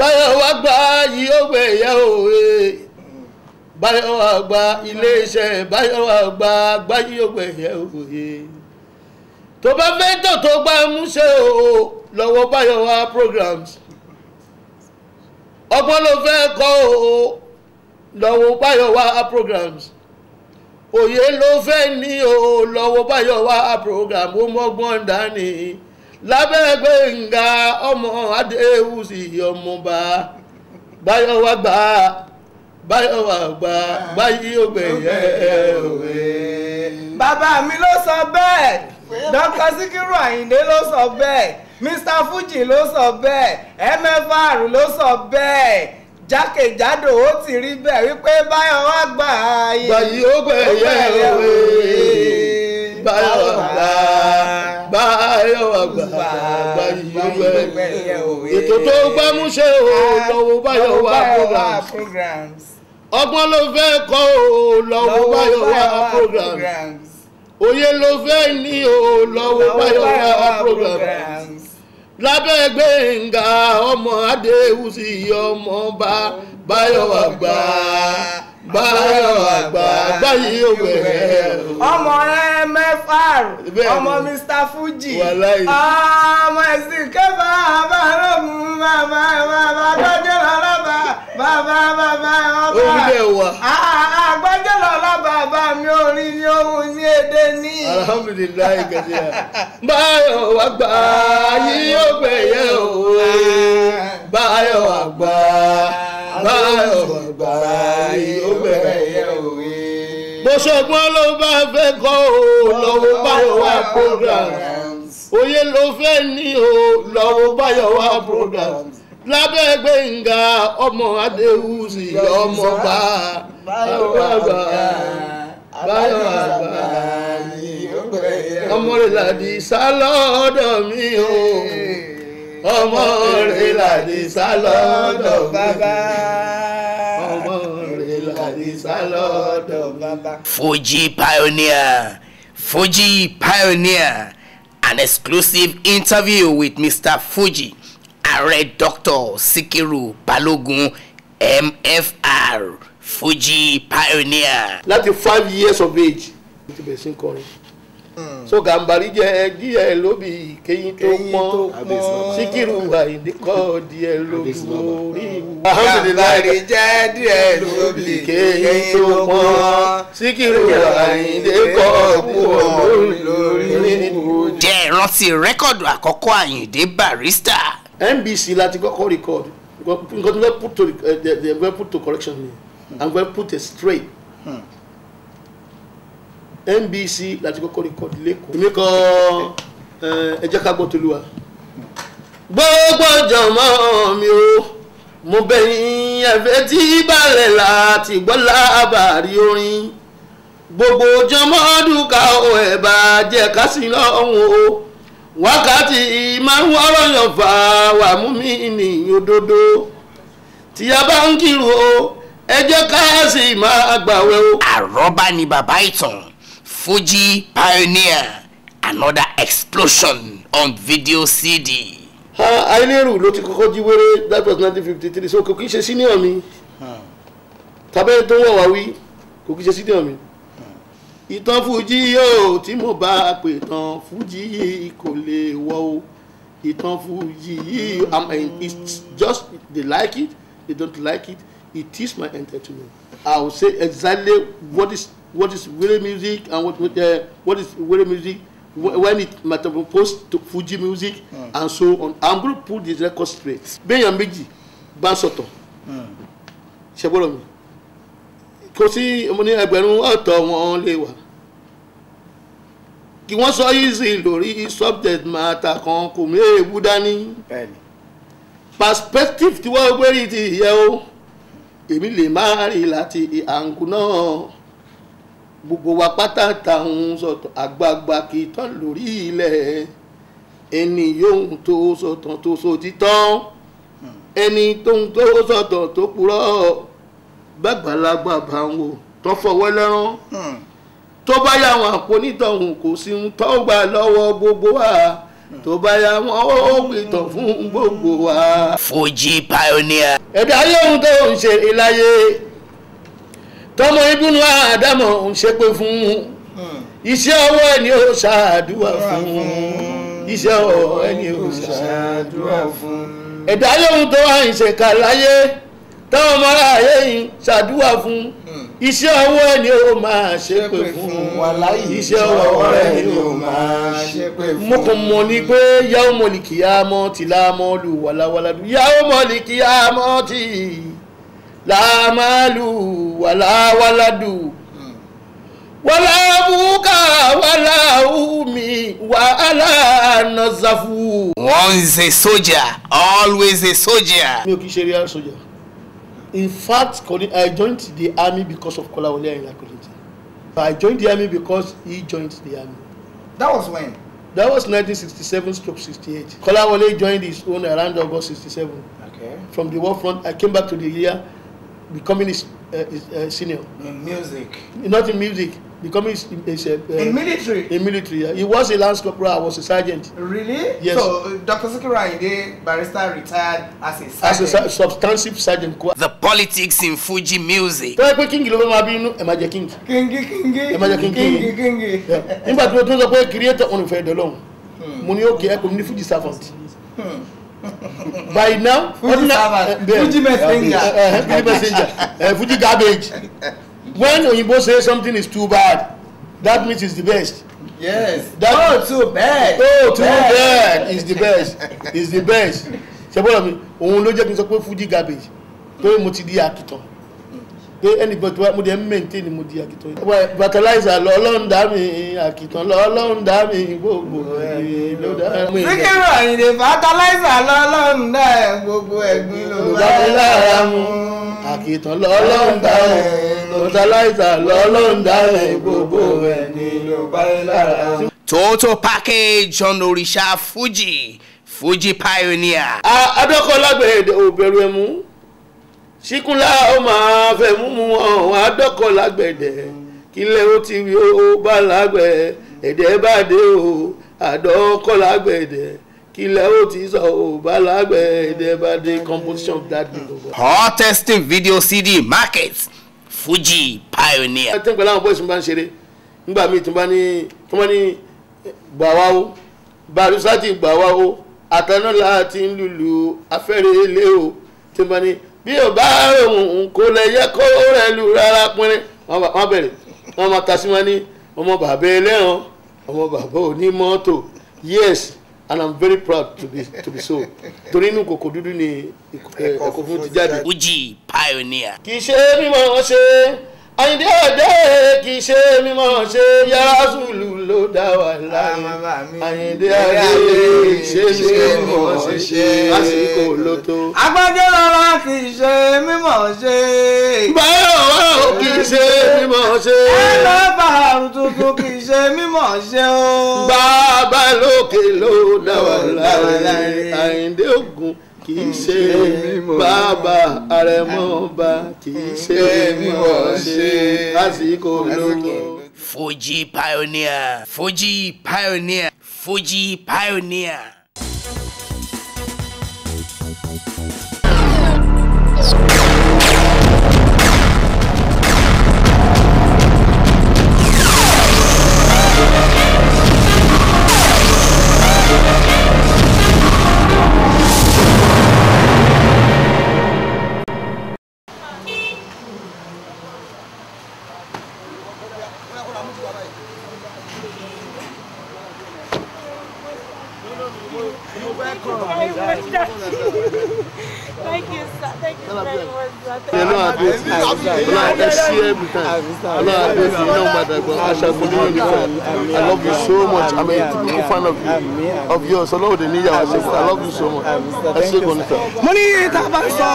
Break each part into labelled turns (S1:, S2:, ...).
S1: báyọ̀ wá gba yìí ó gbé ìyá òwe báyọ̀ wá gba iléeṣẹ́ báyọ̀ wá gba gba yìí ó gbé ìyá òwe tó bá fẹ́ tọ̀ tó gbá múṣẹ́ o lọ́wọ́ báyọ̀ wá programs ọgbọ́n ló fẹ́ kọ́ o lọ́wọ́ báyọ̀ wá programs òye ló fẹ́ ní o lọ́wọ́ báyọ̀ wá program ó mọ́gbọ́n dání lábẹ́ Gbénga ọmọ adéhùsì ọmọọba báyọ̀ wá gbà báyọ̀ wá gbà báyìí ó gbẹ̀yẹ òwe. bàbá mi ló sọ bẹ́ẹ̀ dókítà
S2: Síkírù Àyìndé ló sọ bẹ́ẹ̀ Mr Fuji ló sọ bẹ́ẹ̀ MFR ló sọ bẹ́ẹ̀ jákèjádò ó ti rí bẹ́ẹ̀ wípé báyọ̀ wá gbà yìí. báyìí ó gbẹ̀yẹ òwe
S1: báyọ̀ wá gbà báyọ̀ àgbààgbà yìí wẹ̀ ètò tó gbámúṣe o lọ́wọ́ báyọ̀ wá
S3: programs
S1: ọgbọ́n ló fẹ́ kọ́ o lọ́wọ́ báyọ̀ wá programs òye ló fẹ́ ní o lọ́wọ́ báyọ̀ wá programs lábẹ́ Gbénga ọmọ Adéwùsì ọmọ bá báyọ̀ àgbà báyọ̀ àgbà báyìí yóò bẹ̀rẹ̀.
S3: ọmọ mfr ọmọ mr
S2: fuji ọmọ ẹ̀sìn kẹfà abárògùn bàbá bàbá gbọ́jọ́ lọ́lọ́bà bàbá bàbá ọba àgbọ́jọ́
S1: lọ́lọ́bà bá mi orin ni ohun ní èdè ní. alhamdulilayi gẹ̀dẹ̀ báyọ̀ àgbà yìí yóò bẹ̀rẹ̀ o ah. báyọ̀ àgbà báyọ̀ àgbà yìí bó ṣọgbọ́n ló bá fẹ́ kọ́ o lọ́wọ́ báyọ̀ wá programs òye ló fẹ́ ní o lọ́wọ́ báyọ̀ wá programs lábẹ́ gbẹ̀ngà ọmọ adéhùsì ọmọ bá báyọ̀ àgbà báyọ̀ àgbà ọmọ rẹ̀ làdí sálọ́ọ̀dọ̀ mi o ọmọ rẹ̀ làdí sálọ́ọ̀dọ̀ mi.
S3: Fuji pioneer Fuji pioneer an exclusive interview with Mr. Fuji a Red Doctor Sikiru Balogun MFR Fuji pioneer.
S1: láti five years of age. Hmm. so gàmbarí jẹ díẹ̀ lóbi kéyìn tó pọ́n síkírù àyìndé kọ́ díẹ̀ lóbi orí wa. gàmbarí jẹ díẹ̀ lóbi kéyìn tó pọ́n síkírù àyìndé kọ́ díẹ̀ lórí wa. jẹ́
S3: ìrántí rẹ́kọ̀dù àkọ́kọ́ àyìndé barista.
S1: NBC láti kọ́kọ́ rìkọ́dù nǹkan tó fẹ́ eh, eh, eh, put to correction me, i'm going to put it straight. Hmm. NBC láti kọ́kọ́ rìkọ́dì lẹ́kọ̀ọ́ èmi kọ eh, ẹ ká gbọ́ tolúwa. gbogbo mi o mo bẹ̀yìn ẹ̀fẹ́ tí balẹ̀ láti gbọ́ lábàárí orin gbogbo jọmọ́ dúkà ọ̀ ẹ̀ bá jẹ́ ká sí lọ́hùn o wákàtí máa ń wọ́rọ̀ yàn fà wà mú mi nìyí òdodo tí a bá ń kírun
S3: ni bàbá ìtàn. Fuji Pioneer another explosion on video CD.
S1: aineru ló ti kọ́kọ́ jí wéré that was nineteen fifty three so kò kí ṣe senior mi tàbí tó wọ̀ wá wí kò kí ṣe senior mi. ìtàn Fuji yóò tí mo bá pè tán Fuji kò lè wọ o ìtàn Fuji yìí I it's just they like it they don't like it it is my entertainment I will say exactly what is what is Wéré music and what, what, uh, what is Wéré music when it metamorphosed to Fuji music mm. and so on. I'm going to put these records. straight. Béèyàn méjì bá sọ̀tọ̀. Hmm. Ṣé gbọ́dọ̀ mi? Kò sí mo ní ẹgbẹ̀rún ọ̀tọ̀ wọn lè wà. Kí wọ́n sọ easy lórí subject matter kan kò mú èébú dání. Perspective tí wọ́n gbé rí ti yẹ o. Èmi lè má rí láti àǹkù náà gbogbo wa pátá ta ń sọ̀tàn àgbààgbà kì í tán lórí ilẹ̀ ẹni yóò tó sọ̀tàn tó sòtítọ́ ẹni tó ń tó sọ̀tàn tó purọ́ bàgbàlagbà bá ń wò tó fọwọ́ lẹ́rán hmm. tó bá yà wọn àpònítọ̀hún kò sí ń tọ́ gbà lọ́wọ́ gbogbo wa hmm. tó bá yà wọn ó pìtàn fún gbogbo wa.
S3: Fuji pioneer.
S1: ẹ̀dá yóò tó ń ṣe é tọmọ ibùnú àdámọ̀ ń ṣépè fún hmm. iṣẹ́ ọwọ́ ẹni ó ṣàdúrà fún iṣẹ́ ọwọ́ ẹni ó ṣàdúrà fún. ẹ̀dá lóhun tó wà ń ṣèkà láyé táwọn ọmọ aráyé ń ṣàdúrà fún hmm. iṣẹ́ ọwọ́ ẹni ó máa ṣépè fún iṣẹ́ ọwọ́ ẹni ó máa ṣépè fún. mo kàn mọ̀ ni pé yàwó mọ̀lì kìyàmọ́ tìlámọ́ lù wàlàwàlà yàwó mọ̀lì kìyàmọ́ tì láàmàlù wàláwàládù wàláwùkà wàláwùmí wàhálànàzàfù. once a soldier always a soldier. mi ò kì í ṣe real soldier in fact i joined the army because of Kolawole Ayinla-Kollington i joined the army because he joined the army. that was when. That was 1967 stroke 68. Kolawole joined his own around August 67. Okay. From the war front, I came back to the year becoming his, uh, uh, senior. In music. Not in music. Becoming his, his uh, uh, in military. In military. Yeah. He was a lance corporal. I was a sergeant. Really? Yes. So uh, Dr. Sikiru Ayinde, barrister, retired as a sergeant. As a substantive sergeant. The politics in Fuji music. Tọ́lá pé kíngì ló fẹ́ máa bí inú ẹ̀ máa jẹ kíngì. Kíngì kíngì. Ẹ máa jẹ kíngì. Kíngì kíngì. Nígbà tí mo tún sọ pé creator òun fẹ́ dẹ̀ lọ́hùn. Hmm. Mo ní ó kí ẹ kò ní Fuji servant.
S4: Hmm by
S1: now fuji servant eh, fuji messenger uh, fuji messenger fuji garbage when oyinbo say something is too bad that means it's the best.
S4: yes that, oh
S1: too bad oh too bad, bad is the best is the best ṣe bọ́lá mi òun ló jẹ́ kí n sọ pé fuji garbage pé mo ti di àkìtàn pé ẹnìkan tó wá mo dẹ̀ ń maintain mo di àkìtàn yìí. fertilizer lọ ọlọ́run dá mi àkìtàn lọ ọlọ́run dá mi gbogbo ẹ̀gbin ló dá mi. Síkírù lọ
S2: ọlọ́run dá gbogbo ẹ̀gbin ló
S1: bá lára mu. àkìtàn lọ ọlọ́run dá mi fertilizer lọ ọlọ́run dá mi gbogbo ẹ̀gbin ló lára mu. Total package ọ̀nà
S3: òrìṣà Fuji Fuji pioneer. Adékọ̀ọ́lágbẹ̀ẹ́
S1: òbẹ̀rù ẹ̀mú síkúnlá ó máa fẹ́ múmu ọ̀hún adọ́kọ̀ lágbẹ̀dẹ̀ kílẹ̀ ó ti rí ó bá lágbẹ̀ ẹ̀dẹ̀ bá dé o àdọ́kọ̀ lágbẹ̀dẹ̀ kílẹ̀ ó ti sọ ó bá lágbẹ̀ ẹ̀dẹ̀ bá dé composition of that video.
S3: hot testing video cd market fuji pioneer. ẹ
S1: tẹ́ ń pẹ́ láwọn bọ́ọ̀sì bá ń ṣeré nígbà míì tó bá ní tó bá ní gbà wá o bàrúsátì gbà wá o àtàná láti ń lùlù afẹ́rẹ́ ilé o tó bá ní bí ò bá òun kò lè yẹ kó rẹ lu rárá pinrin wọ́n bẹ̀rẹ̀ wọ́n máa ta wọn ní ọmọ bàbá ẹlẹ́ran ọmọ bàbá onímọ́tò yes and i'm very proud to be to be so torí inú kòkò dúdú ni ẹ̀kọ́ fún ti jáde.
S3: uji pioneer.
S1: kì í ṣe bí wọ́n ṣe é àyìndé òde kì í ṣe mímọ̀ ṣe yàrá sùlù ló dá wà láyé ah, àyìndé òde kì í ṣe mímọ̀ ṣe lásìkò ló tó. agbájọ lọ́la
S2: kì í ṣe mímọ̀ ṣe. báyọ̀ wá ò kì í ṣe mímọ̀ ṣe. ẹ lọ tuntun kì í ṣe mímọ̀ ṣe o. bàbá lókè
S1: ló dá wà láyé àyìndé ògùn kì í ṣe mímọ́ àrẹ̀mọ́ ọba kì í ṣe mímọ́ ṣe lásìkò lówó.
S3: Fuji pioneer Fuji pioneer Fuji pioneer.
S4: Lord, bless you
S1: every time. Lord, I pray for you, no matter I shall continue to pray. I love you so much. I'm a typical fan of you, of yours. I love the yà I love you so much. Ẹ ṣe kò ní sọ.
S2: Mo ní tá a bá ń sọ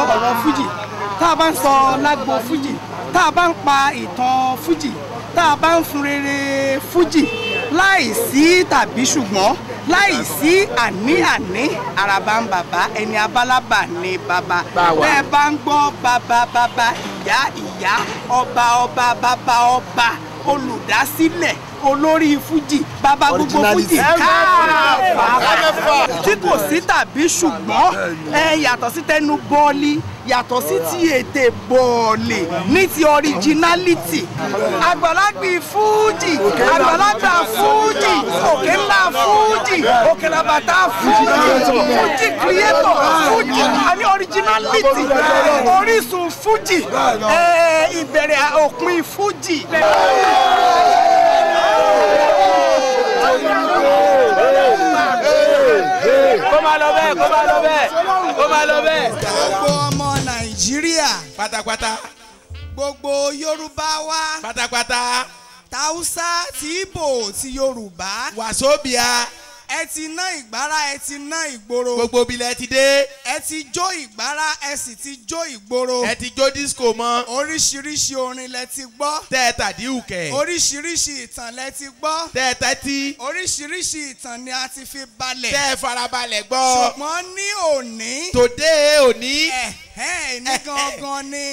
S2: pa ito Fuji. Taban a Fuji. ń fún rere Fújì láì sí tàbí ṣùgbọ́n láì
S3: sí àní-àní àràbà ń bàbá ẹni abálábà ni bàbá bẹ́ẹ̀ bá ń gbọ́ bàbá bàbá ìyá ìyá ìyá ọba ọba bàbá ọba
S2: olùdásílẹ̀ olórí fújì bàbá gbogbo fújì káàfà tí kò sí tàbí ṣùgbọ́n ẹ yàtọ̀ sí tẹnu bọ́ọ̀lì yàtọ̀ sí ti ètè
S3: bọ́ọ̀lì ní ti ọ̀ríjínálítì
S2: àgbàlagbì fújì àgbàlagbà fújì òkè ńlá fújì òkè làbàtà fújì fújì kìrìẹ́tọ̀ àní ọ̀ríjínálítì orísun fújì ìbẹ̀rẹ̀ òpin fújì.
S3: máa lọ bẹ́ẹ̀ kó máa lọ bẹ́ẹ̀ kó máa lọ bẹ́ẹ̀. gbogbo ọmọ
S2: nàìjíríà. pátápátá. gbogbo yorùbá wa. pátápátá. tàwùsá ti ibo ti yorùbá. wàsóbìà ẹ ti ná ìgbára ẹ ti ná ìgboro. gbogbo bilẹ̀ ti dé. ẹ ti jó ìgbára ẹ sì ti jó ìgboro. ẹ ti jó disco mọ́. oríṣiríṣi orin lẹ ti gbọ́. tẹ́ ẹ tàdí ùkẹ́. oríṣiríṣi ìtàn lẹ ti gbọ́. tẹ́ ẹ tẹ́tí. oríṣiríṣi ìtàn ni a ti fi balẹ̀. tẹ́ ẹ farabalẹ̀ gbọ́. ṣùgbọ́n ní òní. tòde òní. ẹ̀hẹ́ ní gangan ni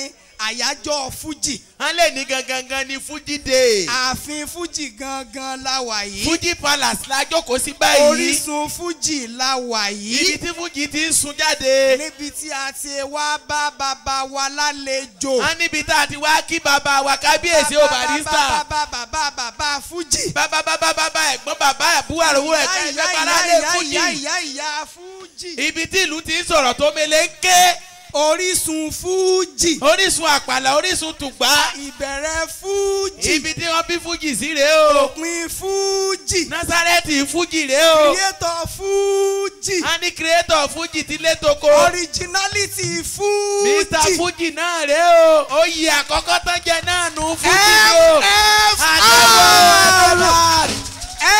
S2: àyájọ́ Fuji, wọ́n lè ní gangan ni Fuji dé. ààfin Fuji gangan la wà yìí. fújì palace la jókòó sí báyìí. orísun Fuji la wà yìí. ibi tí fújì ti ń sun jáde. níbi tí a ti wá bá bàbá wa lálejò.
S1: wọ́n níbi tá a ti wá kí bàbá wa kábíyèsí o barista. bàbá bàbá bàbá fújì. bàbá bàbá bàbá ẹ̀gbọ́n bàbá àbúrò àròwọ̀ ẹ̀gbọ́n ìjọba alálẹ̀
S2: fújì. ibi tí ìlú ti ń sọ̀rọ̀ tó mele ń ké orísun fújì. orísun àpàlà orísun tùgbà. ìbẹ̀rẹ̀ fújì. ibi tí wọ́n bí fújì sí rèé o. òpin fújì. násàrẹ́tì fújì rèé o. kírẹ́tọ̀ fújì. a ní kírẹ́tọ̀ fújì ti lé toko. ọ̀ríjínálítì fújì. mr fújì náà rèé o. oyè àkọ́kọ́ tó jẹ náà nu fújì o. mfr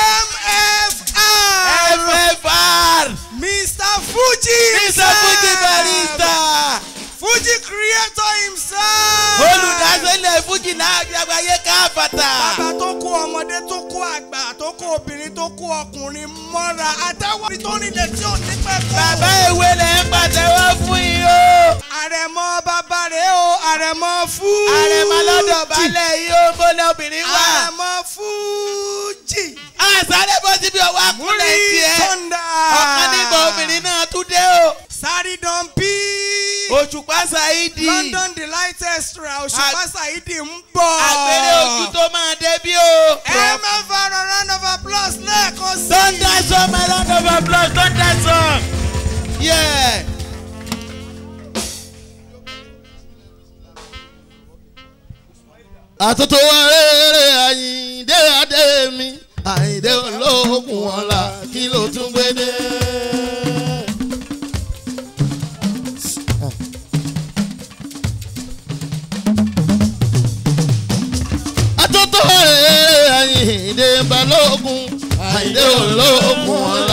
S2: mfr mfr mr fuji. mr fuji barista himself. olùdásílẹ̀ fújì náà di àgbáyé káfàtà. bàbá tó kó ọmọdé tó kó àgbà tó kó obìnrin tó kó ọkùnrin mọ́ra àtàwọn ibi tó nílẹ̀ tí ò ní pẹ́ kó. bàbá ìwé lẹ̀ ń pàtẹ́wọ́ fún yìí o. àrẹ̀mọ bàbá rẹ̀ o àrẹ̀mọ fújì. àrẹ̀mọ lọ́dọ̀ balẹ̀ yìí ó gbóná obìnrin wà. àrẹ̀mọ fújì méjì. àṣàlẹ̀ bọ́ síbi ọwọ́ àkúnlẹ̀ tiẹ̀. múrí sọ́ndà. ọ̀kan nígbà obìnrin náà tún dé o. sáré dán bí. òṣùpá ṣáídì. London Delight Extra òṣùpá ṣáídì ń bọ̀. àgbèrè ojú tó máa dé bí o. ẹ máa fara round of applause lẹ́ẹ̀kan sí. don that song my round of applause don song. Yeah.
S1: wa rere àyíǹde adé mi àyìndé olóògùn ọ̀la kí ló tún gbé
S4: dé. atótó
S1: èrè àyìndé balógun àyìndé olóògùn ọ̀la.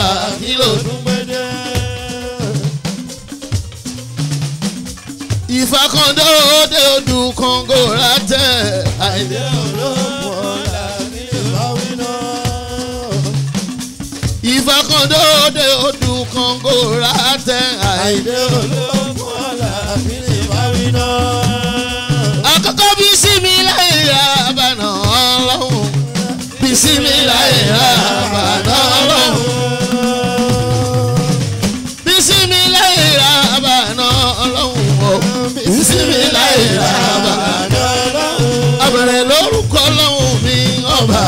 S1: dóde odù kàngó ràtẹ àìdè olókùn ọ̀la àbílẹ̀ ìbáwí náà. àkọ́kọ́ bí sinmi láì ra àbànà ọlọ́run bí sinmi láì ra àbànà ọlọ́run. bí sinmi láì ra àbànà ọlọ́run bí sinmi àbẹ̀rẹ̀ lórúkọ ọlọ́run mi ọba.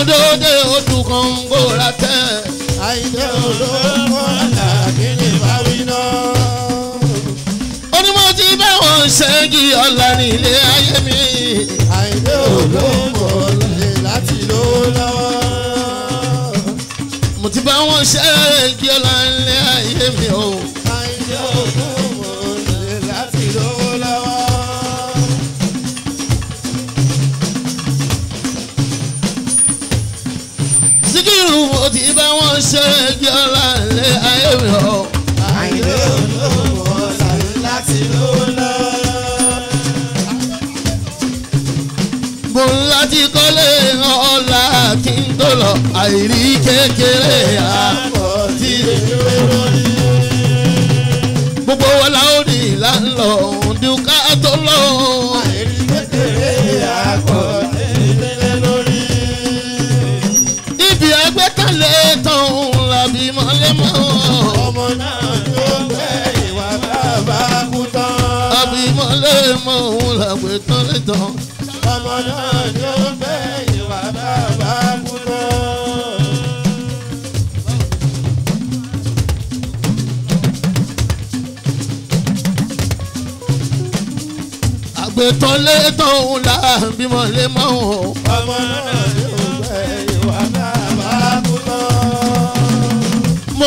S1: ọmọdéwọdé oṣù kan ń gbóra tẹ. àìjẹ́ olóko àlàkí ni báwí náà. onímọ̀ tí bẹ́wọ̀n ṣẹ́gi ọ̀la ní ilé ayé mi. àìjẹ́ olóko lè láti ló lọ́wọ́. mo ti bá wọn ṣẹ́gi ọ̀la ní ilé ayé mi o. wọn ṣe jẹ́ ọ̀la ilé ayé mi ọ̀. àìlè
S4: olóòwò ọ̀sà láti lówó lọ.
S1: mo ń láti kọ́lé ọ̀la kí n tó lọ àìrí kékeré àpọ̀ tí èmi ò lórí. gbogbo wọn la ó ní ìlànà òǹdùkà tó lọ́wọ́. tán. ọmọ náà ni ó fẹ́ ìwà bàbá kú tán. àgbẹ̀tọ́ létọ́ òun là bímọ lé mọ́ òun. ọmọ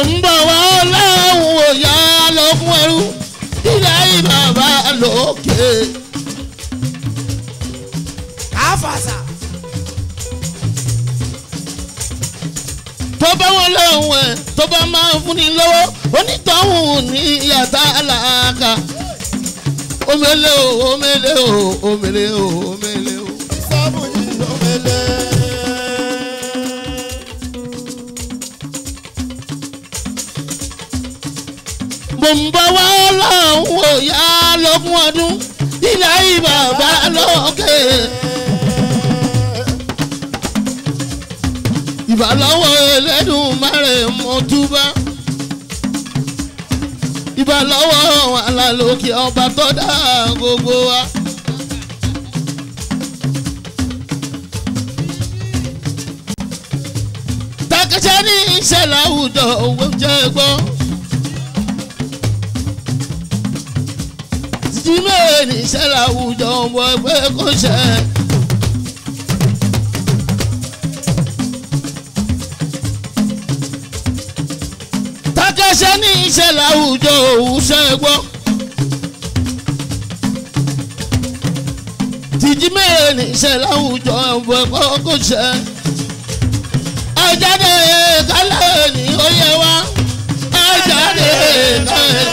S1: ń bọ̀ wá ọlọ́run òyà lọ́kùn ilé ìbàbá lókè. tó bá máa ń fúnni lówó onítọ̀hún ní yàtá àlàkà omele o omele o omele o omele o. sábò yìí omele. mo ń bọ̀ wá lọ́hùn-ún òyà ọdún ilé ìbàbá lọ́kẹ́. bàbá lọ́wọ́ Ẹlẹ́dùmarè mo túbá ìbà lọ́wọ́ alálòkè ọba tó gbogbo wa. takẹ́sẹ́ ní iṣẹ́ láwùjọ owó jẹ́ gbọ́. títí mẹ́rin iṣẹ́ láwùjọ owó ẹgbẹ́ kò ṣẹ́. ṣiṣẹ́ láwùjọ òun ṣe é gbọ́. tìjí mèrè níṣẹ́ láwùjọ ọ̀bọ̀ ẹ̀kọ́ kò ṣe. ọ̀jáde kálẹ̀ ní oyè wa. ọ̀jáde kálẹ̀ ní.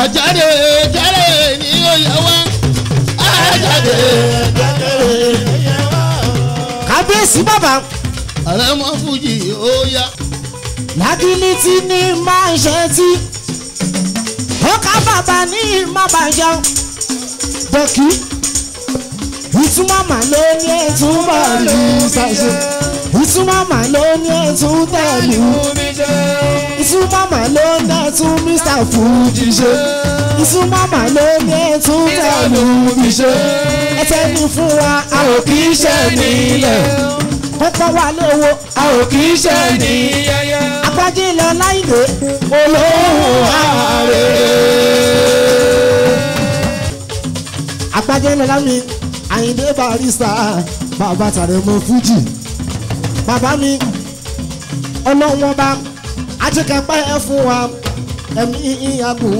S1: àjáde ní oyè wa àjáde jáde kábíyèsí bàbá. ààrẹ mọ fújì ó yá. lágínní tí
S2: ní máa ń ṣe tí ó ká bàbá ní ìmọ̀bà jẹun bọ́kì ìtumọ̀ mà ló ní ìtumọ̀ rí ṣàṣe ìtumọ̀ mà ló ní ìtumọ̀ tẹ̀lé. Ìsúmọ̀mọ̀ ló dé tún Mr Fuji ṣe. Ìsúmọ̀mọ̀ ló dé tún tẹ̀lú mi ṣe. Ẹ tẹ́ni fún wa, a ò kì í ṣe nílẹ̀. Pẹ́pẹ́ wa lówó, a ò kì í ṣe ní yẹyẹ. Apájìlọ láìdè, olóhùn ààrẹ. Apájìlọ lámì, Àyìndé Barrister, bàbá tàrẹ Fuji. Bàbá mi, ọlọ́wọ́n bá àti kápẹ́ ẹ fún wa ẹ̀mí ìyàgò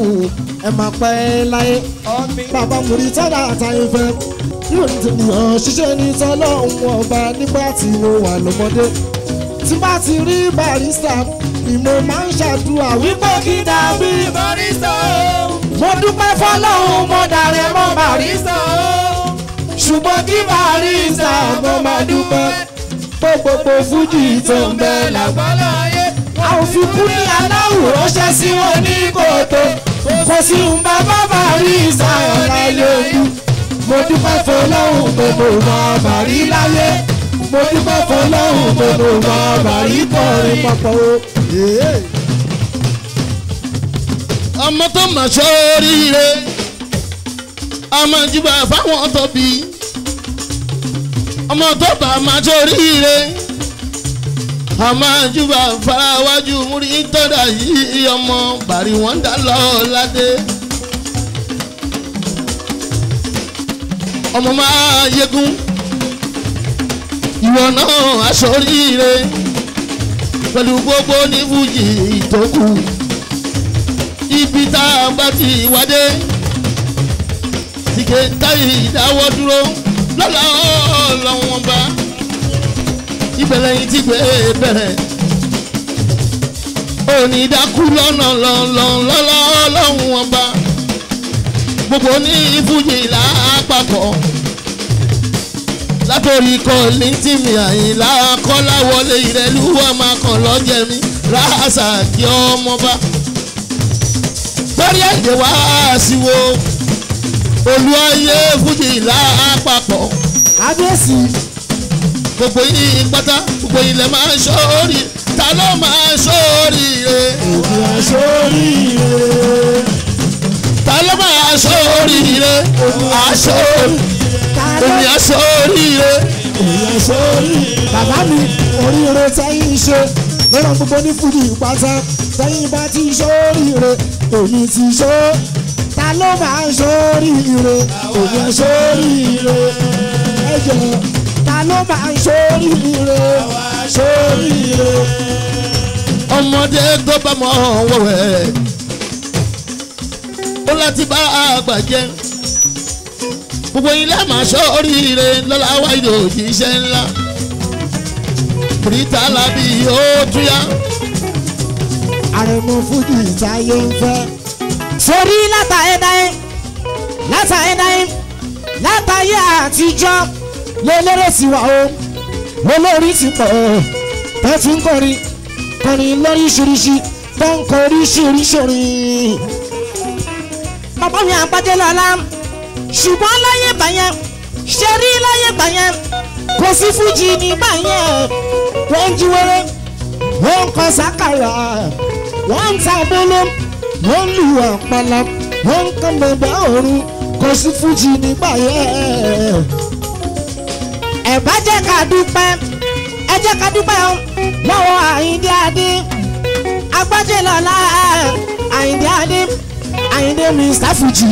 S2: ẹ̀ máa pẹ́ láyé bàbá múri tọ́lá àtàyẹ̀fẹ́ ìròyìn tèmi hàn ṣiṣẹ́ ní tọ́lọ́hún ọba nígbà tí mo wà lọ́mọdé tí bá ti rí barista ni mo máa ń ṣàdúrà wípé kí dàbí barista mo dúpẹ́ fọlọ́hún mo dàrẹ́ mọ́ barista ṣùgbọ́n kí barista mo máa dúpẹ́ pé gbogbo fújì tó ń bẹ lágbálá àwòfikú ni aláwọ̀ ránṣẹ́ sí wọn ní kòtò kò sí ń bá bàbá rí ìsàyàn láyé ojú mo dúpẹ́ fọlọ́hún gbogbo wọn bàrí láyé mo dúpẹ́ fọlọ́hún gbogbo wọn bàrí kọrin pọ̀pọ̀
S1: ọmọ tó mà ṣe ọmọ jùlọ fáwọn tó ọmọ tó bá mà ṣe àmọ́ àjùbà farawájú múrí tọ́dà yìí ọmọ bàrí wọ́n dá lọ́ọ́ ládé. ọmọ máa yegun ìwọ náà aṣọ oríire pẹ̀lú gbogbo ní fújì tó kù ibi tá a bá ti wádé sìkè táyì ìdáwọ́ dúró lọ́la ọlọ́wọ́n bá ìbẹ̀rẹ̀ yìí ti gbé bẹ̀rẹ̀ onídàkú lọ́nà lọ́lọ́lọ́lọ́ ọlọ́run ọba gbogbo ní ìfújì lápapọ̀ látòrí kọ́ọ̀lì tí mi àyìnlá kọ́láwọlé ìrẹ́lú wa máa kàn lọ́jẹ̀ mi ráàsà kí ọmọba lórí èdè wá síwò olú ayé fújì lápapọ̀. kábíyèsí gbogbo yín pátá gbogbo yín lẹ máa ń ṣórí ta ló máa ń ṣórí rẹ.
S4: èmi á ṣórí rẹ. ta ló máa ṣórí rẹ. èmi á ṣórí rẹ. èmi á ṣórí rẹ. èmi á ṣórí
S2: rẹ. bàbá mi oríire tẹ́yìn ṣe lọ́nà gbogbo ní fúdi ìpàtà tẹ́yìn bá ti ṣórí rẹ èmi ti ṣó ta ló máa ń ṣórí rẹ èmi á rẹ ta ló máa ń
S1: ṣoríire ṣoríire. ọmọdé tó bá mọ wọ̀wẹ̀ ó láti bá àgbà jẹ gbogbo yín lẹ́ẹ̀ máa ṣoríire lọ́la wáyé òjì iṣẹ́ ńlá pírítà lábí ó túyá. àrẹ̀mọ fújì ìtayé ń fẹ́. sórí látàyé dáyé
S2: látàyé dáyé látàyé àtijọ́ lẹ́lẹ́rẹ́ sí wa o olórí ti pọ̀ ẹ ti ń kọrin kọrin lóríṣiríṣi tó ń kọ oríṣiríṣi orin. bàbá mi àgbájé lọ́la ṣùgbọ́n láyé gbà yẹn ṣe rí láyé gbà yẹn kò sí fújì nígbà yẹn wọ́n ń jí wẹ́rẹ́ wọ́n kọ sákàrà wọ́n ta bóló wọ́n ń lu wọ́n kọ́ mẹ́gbà òru kò sí fújì nígbà yẹn ẹ bá jẹ́ ká dúpẹ́ ẹ jẹ́ ká dúpẹ́ lọ́wọ́ Àyìndé Adé agbájẹ́lọ́lá Àyìndé Adé Àyìndé Mr Fuji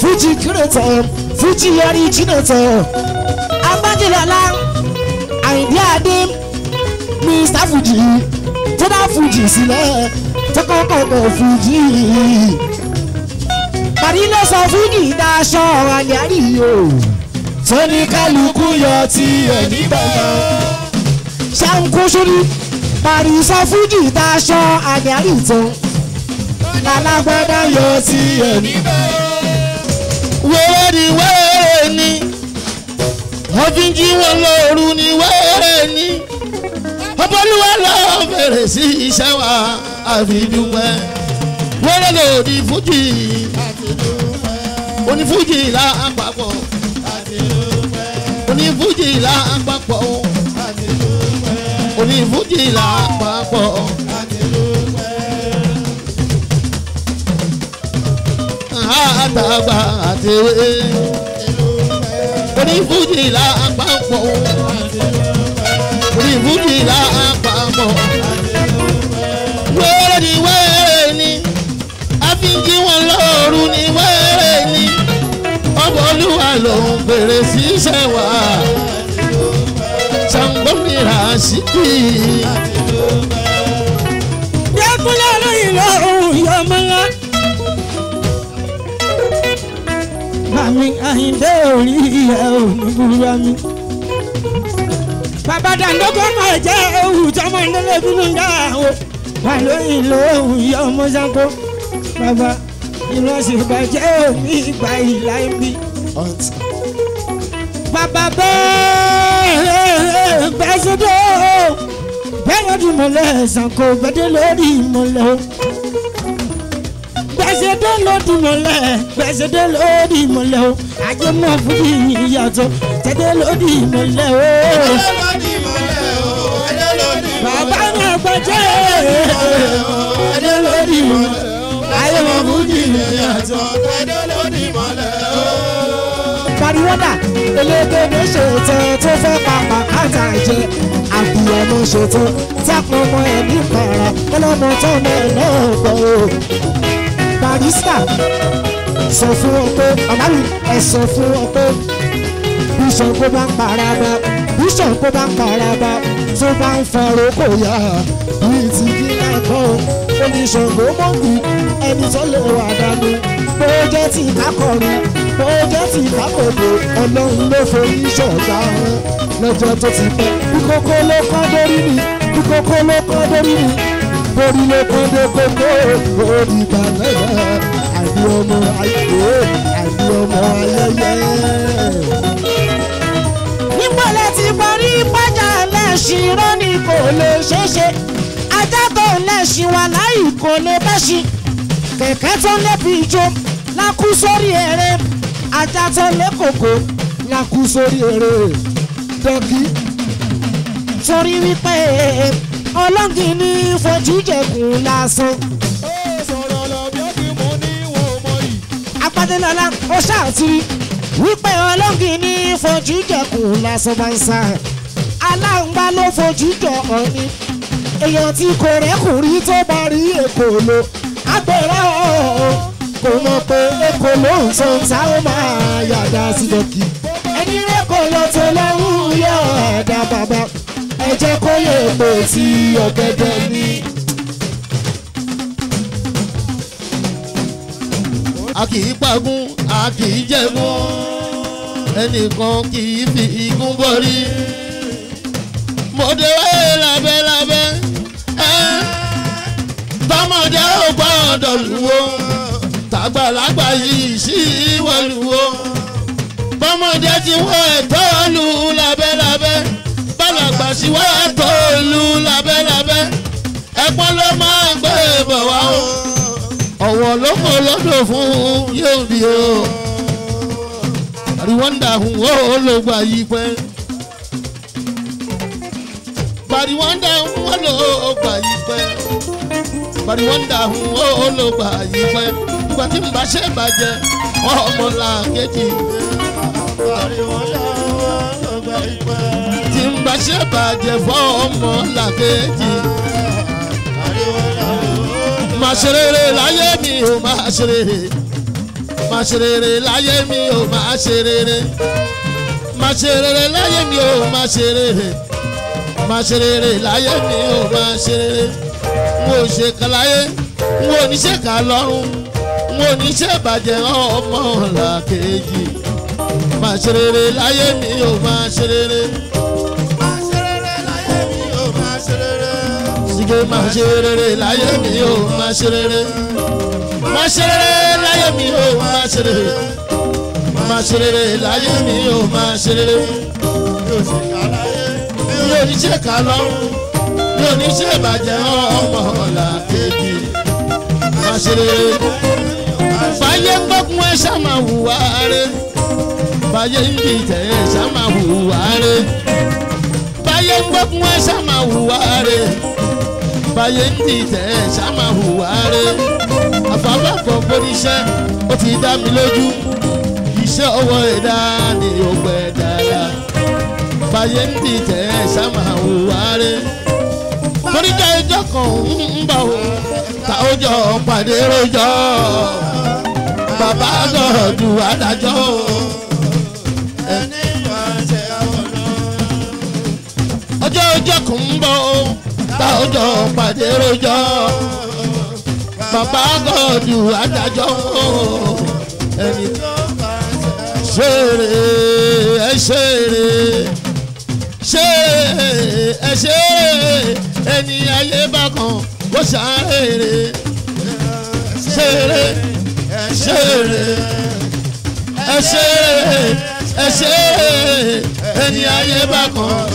S2: Fuji kírètè Fuji yọrí jìnnàtè agbájẹ́lọ́lá Àyìndé Adé Mr Fuji tó dá Fuji sílẹ̀ tó kọ́kọ́ Fuji parí ló sọ Fuji dáṣọ àlẹ́ àríyó tóníkálukú yọ ti ẹ̀ nígbà náà. ṣàǹkó sórí pàrìsọ fújì tá a ṣọ àgàrí ìtàn. alágbádá yọ ti ẹ̀
S4: nígbà
S1: wẹ́rẹ́ ni wẹ́rẹ́ ni wọ́n fi ń jí wọn lóru ni wẹ́rẹ́ ni ọbọ̀lúwa lọ bẹ̀rẹ̀ sí iṣẹ́ wa àfidúpẹ́ wẹ́rẹ́ lòdì fújì onífújì lápapọ̀ onífújì là àpapọ̀ onífújì là àpapọ̀. àtàgbà àtẹwé onífújì là àpapọ̀ onífújì là àpapọ̀ wẹ́rẹ́ ni wẹ́rẹ́ ni a fi ń jí wọn lóru ni wẹ́rẹ́ ọmọ olúwa lòun fèrè ṣiṣẹ́ wa Ṣàngó ni Ràṣídì. Dẹ́kunlé olóyin lòun yọ ọmọ ńlá.
S2: Màmí Àyìndé orí ìyá òní burúkú mi. Bàbá Dàndókò máa jẹ́ òwú tọmọ ìdílé bínú ń dá àwọn. Wà lóyìn lòun yọ ọmọ Ṣàngó. Bàbá ìránṣẹ́ ìbàjẹ́ òní ìgbà ìlà mi. bàbá bẹ́ẹ̀ gbẹ́sọ́dọ̀ bẹ́ẹ̀ lọ́dún mọ́lẹ̀ ẹ̀sán kò gbẹ́dẹ́ lórí ìmọ̀lẹ̀ o gbẹ́sẹ̀dẹ́ lódì mọ́lẹ̀ gbẹ́sẹ̀dẹ́ lódì mọ́lẹ̀ o ajé mọ́ fún mi ìyàtọ̀ tẹ́dẹ́ lódì mọ́lẹ̀ o. bàbá náà gbọ́jẹ́ ẹ̀ẹ́dẹ́ lódì mọ́lẹ̀ o ọmọ fújì lè yàtọ̀ tẹ́jọ́ ló ní mọ́lẹ̀ o. pariwọ́dà elégédé ṣètò tó fẹ́ pàpà káta jẹ àbíọ̀mọ ṣètò tápọ̀mọ ẹ̀mí kọ̀ọ̀rọ̀ ọlọ́mọ tó mọ̀ náà gbọ́ o. barista sọ fún ọ pé ọ̀nà mi ẹ̀ sọ fún ọ pé bíṣọ̀ kó bá ń paraba bíṣọ̀ kó bá ń paraba tó bá ń fọ̀rọ̀ kò yá bíi ti omi ṣògbó mọ́gù ẹni tó lè wà dání bó jẹ́ ti kákọrin bó jẹ́ ti kákòdò ọlọ́run ló forí ṣọ̀gá wọn lọ́jọ́ tó ti pẹ́ kúkókó ló kọ́ dórí mi kúkókó ló kọ́ dórí mi borí ló kọ́ dé kókó òdì gbàgbẹ́gbẹ́ àbí ọmọ ayé àbí ọmọ ayẹyẹ nígbà láti parí ìpájà lẹ́sìn irọ́ ni kò lè ṣeéṣe ajá tó ń lẹ́sìn wa láì kò lè bẹ́sìn kẹ̀kẹ́ tó lébi ijó lákú sórí eré ajá tó lé kòkó lákú sórí eré dọ́kí. torí wípé ọlọ́gìn ní fojú jẹ̀kùn lásán. apádélọ́lá ó ṣáàtì wípé ọlọ́gìn ní fojú jẹ̀kùn lásán bá ń sá aláǹgbá ló fojú jọ ọ ní èèyàn tí kò rẹ́kùnrin tó bá rí èkó lo agbèrè ọ̀ kò mọ̀ pé èkó ló ń sọ tá ó máa yàda sí lọ́kì. ẹni rẹ́kọ̀ lọ tó lọ́hùn yọ̀ ọ̀dà bàbá ẹ jẹ́ kó yẹ èpò tí ọ̀gẹ̀dẹ̀ ní.
S1: a kì í pagún a kì í jẹ̀gún ẹnìkan kì í fi igún bọ́rí mo dé wáyé lábẹ́ lábẹ́ ọmọdé ò gbọ́dọ̀ lúwo tàgbàlagbà yìí sí wọ́n lúwo bọ́mọdé ti wọ ẹ̀tọ́ lu lábẹ́lábẹ́ bàlàgbà sí wọ́ ẹ̀tọ́ lu lábẹ́lábẹ́ ẹ̀pọ́n ló máa gbé bọ̀ wá o ọ̀wọ̀ ló mọ̀ lọ́dọ̀ fún yóò di o àríwọ́ndà hùwọ́ olóògbà yìí pẹ́. Bariwanda wọn ló gbà yí pẹ́ Bariwanda wọn ló gbà yí pẹ́ ìgbà tí n bá ṣe bàjẹ́ ọmọ là kejì. Bariwanda wọn ló gbà yí pẹ́. tí n bá ṣe bàjẹ́ fọmọ là kejì. Máa ṣe rere láyé mi ò máa ṣe rere. láyé mi ò máa ṣe rere. láyé mi ò máa ṣe máa ṣe rere láyé mi ò máa ṣe rere n ò ṣe kan láyé n ò ní ṣe kà lọ́rùn n ò ní ṣe bàjẹ́ ọmọ làkejì máa ṣe rere láyé mi ò máa ṣe rere. Sige máa
S4: ṣe rere láyé mi ò
S1: máa ṣe rere. Máa ṣe rere láyé mi ò máa ṣe rere. Máa ṣe rere láyé mi ò máa ṣe rere. Yóò ṣe kàlàyé mi ò ní ṣe kà lọ́rùn mi ò ní ṣe ìbàjẹ́ ọmọ ọ̀la kébì má ṣe rere. fàyè ń gbógun ẹ ṣàmà hùwà rẹ fàyè ń bì tẹ̀ ẹ ṣàmà hùwà rẹ fàyè ń gbógun ẹ hùwà rẹ fàyè ń bì tẹ̀ ẹ ṣàmà hùwà rẹ àfàbàfọ̀ gbóníṣẹ́ ó ti dá mi lójú iṣẹ́ ọwọ́ ẹ̀dá ni ó pẹ́ ayé ń dìjẹ́ ṣáma òwárẹ́
S4: toríjọ́ ẹjọ́ kan ń bọ̀
S1: ta ọjọ́ pàdé rojọ́ bàbá gọ̀ọ́dù adájọ́ ẹni ìwọ̀nsẹ̀ ọ̀nà. ọjọ́ ọjọ́ kan ń bọ̀ ta ọjọ́ pàdé rojọ́ bàbá gọ̀ọ́dù adájọ́ ẹni tó bá ń ṣe. ṣeré ẹ ṣe. ẹ ṣe é ẹni ayé bá kan ó ṣàárẹ̀ ṣeré ṣeré ẹ ṣe é ẹ ṣe é ẹni ayé bá kan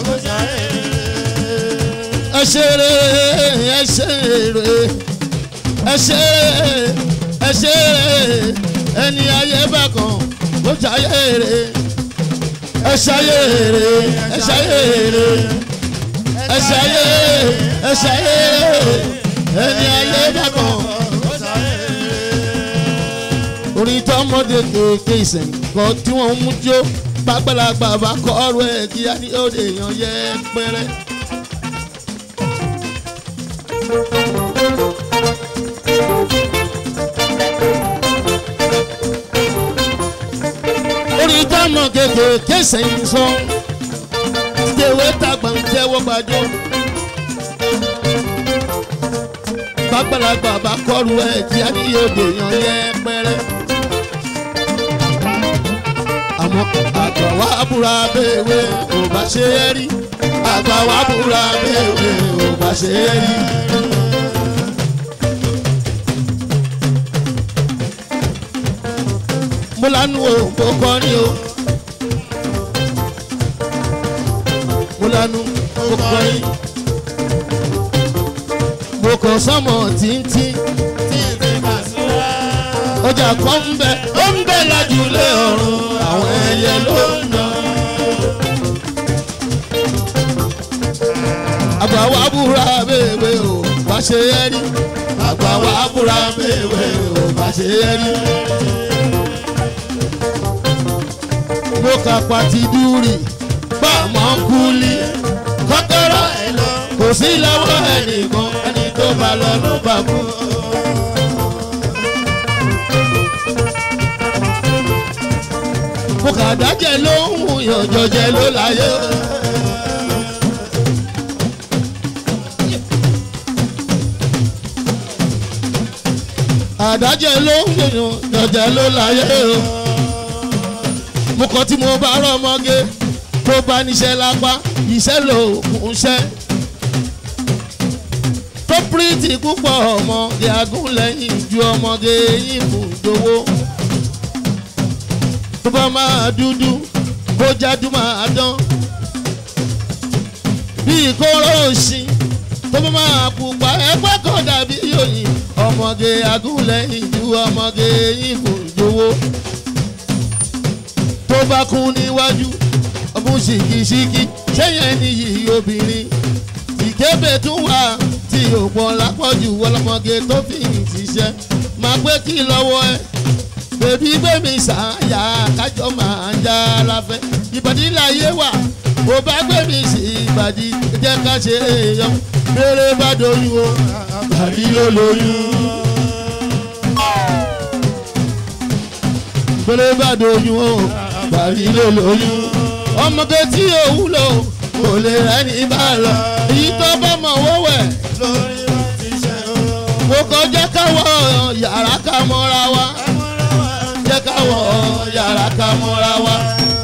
S1: ẹ ṣeré ẹ ṣeré ẹ ṣeré ẹ ẹni ayé bá kan ó ṣàárẹ̀ ẹ ṣàárẹ̀ ẹ ẹsẹ̀ ayé ẹsẹ̀ ayé ẹni ayé dàgbọ̀ orin tó mọ́dé kéèké ìsẹ̀ǹkan tí wọ́n mú jó gbàgbàlagbà bá kọ́ ọ̀rọ̀ ẹ̀ kí á ní òde èèyàn yẹ pẹ́rẹ́. orin tó mọ́ kéèké ìsẹ̀ǹkan tí ewé tàgbà aṣẹ́wó gbàjọ́. bàgbàlagbà bá kọrù ẹ̀ tí a níye òde yan yẹpẹrẹ. àmọ́ àgbà wa búra béèwé ò bá ṣe é rí. àgbà wa búra béèwé ò bá ṣe é rí. mo lanu o mo kọrin o mo lanu mo kọ yín. mo kọ sọmọ tíntín. ọjà kan ń bẹ ó ń bẹ lájúlé ọ̀run àwọn ẹyẹ ló ń nà. àgbà búra bèbè o bá ṣe yẹ rí. àgbà búra bèbè o bá ṣe yẹ rí. mo kà pàtì dúrì bá a máa ń kú lé tọrọ ẹ̀ lọ kò sí lọ́wọ́ ẹnìkan ẹni tó bá lọ ló bá kú. bùkàdá jẹ ló ń wù yànjọ jẹ ló láyé. àdájẹ ló ń yànjọ jẹ ló láyé. mo kọ́ tí mo bá rọ́ ọmọge tó bá níṣẹ́ lápá iṣẹ́ lòògùn ṣẹ́ tó pírìtì púpọ̀ ọmọge agúnlẹ̀yìn ju ọmọge yìí kù dowó tó bá máa dúdú kó jáde máa dán bí ìkóró òṣìn tó bá máa pupa ẹgbẹ́ kan dàbí yòyìn ọmọge agúnlẹ̀yìn ju ọmọge yìí kù dowó tó bá kú níwájú fún ṣìkìṣìkì ṣẹ́yìn ẹni yìí obìnrin ìkébè tún wà tí òpó lápọ̀jù ọlọ́mọge tó fi ń ṣiṣẹ́ máa pé kí lọ́wọ́ ẹ bèbí gbèmí sàáyà kájọ máa ń já láfẹ́ ìbàdí láyé wà bó bá gbèmí sí ìbàdí jẹ́ ká ṣe èèyàn bèrè bá doyún o àbí ló lóyún. bèrè bá doyún o àbí ló lóyún ọmọge tí ò wúlò kò lè rẹ́ni bá lọ èyí tó bá mọ̀ wọ́wẹ̀
S4: lórí wọn ti
S1: ṣe o. mo kọ́ jẹ́ káwọ́ yàrá ká mọ́ra wa jẹ́ káwọ́ yàrá ká mọ́ra wa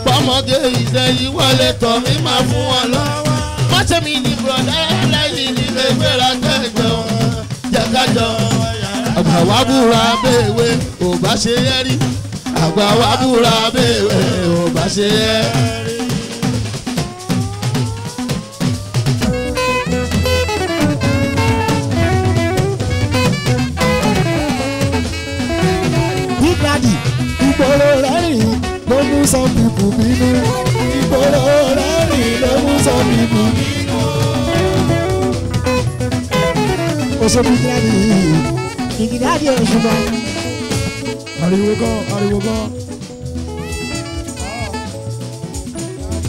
S1: pọ́mọge ìṣẹ́yí wọlé tọ̀ mí máa fún wọn lọ. má ṣe mi ní bùrọ̀dá lẹ́yìn nílé ìgbéra kẹ́gbẹ́ wọn jẹ́ kájọ. àgbà wa búra béèwé ò bá ṣe yẹ rí àgbà wa búra béèwé ò bá ṣe yẹ rí.
S2: ìgboro rẹ́rìn ló mú sọ mi bù nínú. Òṣèlú gíláàdì ìgìdáàdì Ariwo gan, ariwo gan.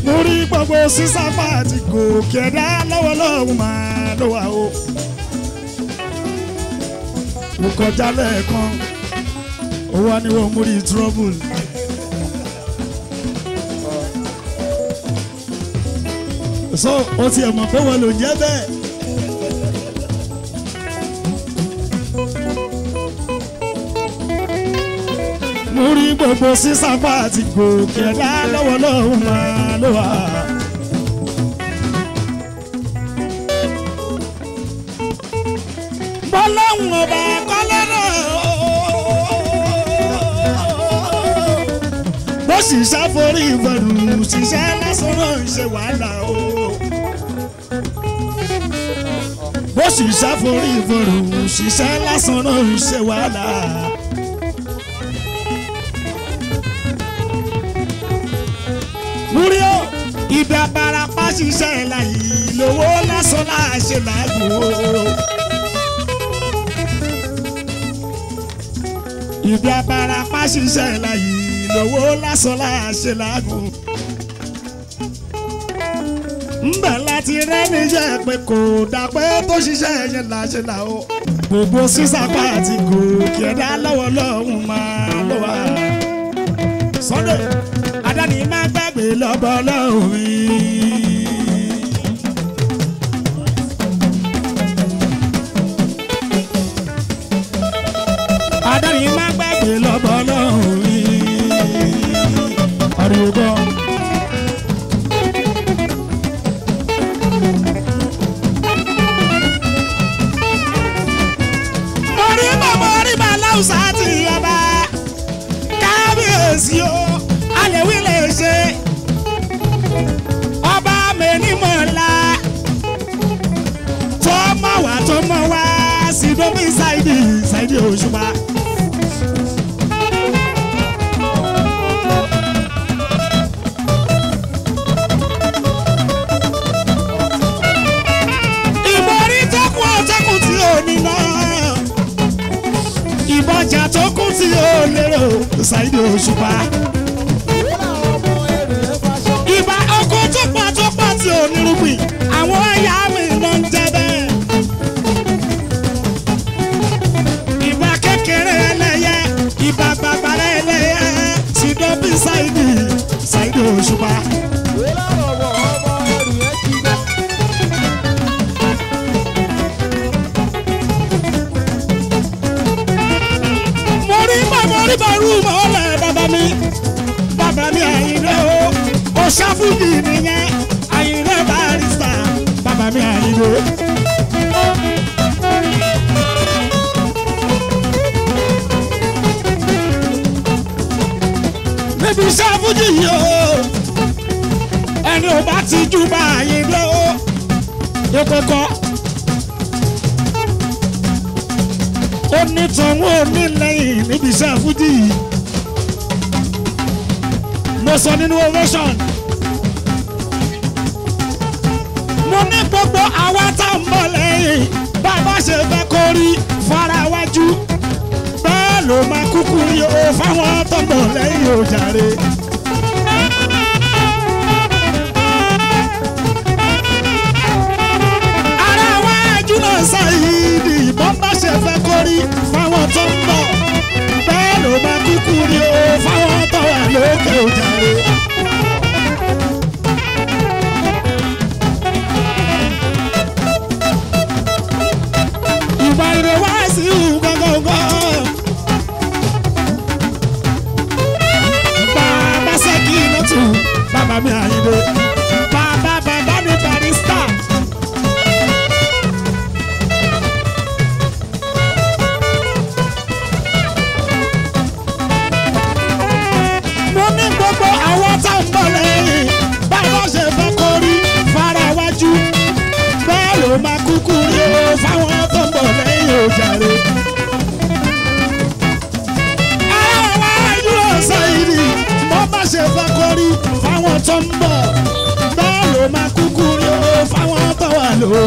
S2: Mo rí gbogbo sísáfà àti gòkè ẹ̀dá lọ́wọ́lọ́wọ́ máa lọ́wọ́ o mo kọjá lẹ́ẹ̀kan ó wá ní wọ́n múrí trouble so o ti ẹ̀ mọ̀ pé wọ́n ló ń jẹ́ bẹ́ẹ̀. mo rí gbogbo sísàpá àti gòkè ẹ̀dá lọ́wọ́lọ́wọ́ máa ló wà. bọ́láhùn ọba kọ́lọ́rọ̀ bó sì ṣàforí ìbẹ̀rù ṣiṣẹ́ lásán náà ṣe wàhálà o. ṣiṣẹ́ forí ìfòrò ṣiṣẹ́ lásán náà ń ṣe wàhálà. múrí ó ibi abarapá ṣiṣẹ́ láyé lówó lásán náà ṣe làágùn ó. ibi abarapá ṣiṣẹ́ láyé lówó lásán náà ṣe làágùn ó ńgbà láti rẹ́ níṣẹ́ pé kò dàpẹ́ tó ṣiṣẹ́ yẹn láṣẹ là ó gbogbo sísapá àti gòkè ẹ̀dá lọ́wọ́ lọ́hùn máa lọ wá. Sunday adáni má gbàgbé lọ́bọ̀ lọ́hùn yìí. fújì nìyẹn àyìnlá barista
S4: bàbá mi àyìnló. níbi
S2: iṣẹ́ fújì yìí o ẹni ò bá ti jù bá àyìnló yóò kọ́kọ́. ó ní tanwó ní lẹ́yìn níbi iṣẹ́ fújì yìí mo sọ nínú ovation. ní gbogbo àwa tá ń bọ̀ lẹ́yìn bàbá ṣe fẹ́ kó rí farawájú bẹ́ẹ̀ ló máa kúkú rí o fáwọn tó bọ̀ lẹ́yìn o jàre. ara wa jùlọ ṣàyídì bàbá ṣe fẹ́ kó rí fáwọn tó bọ̀ bẹ́ẹ̀ ló máa kúkú rí o fáwọn tó wà lókè o
S4: pariwo wá sí gángangan.
S2: mi àyìnbó.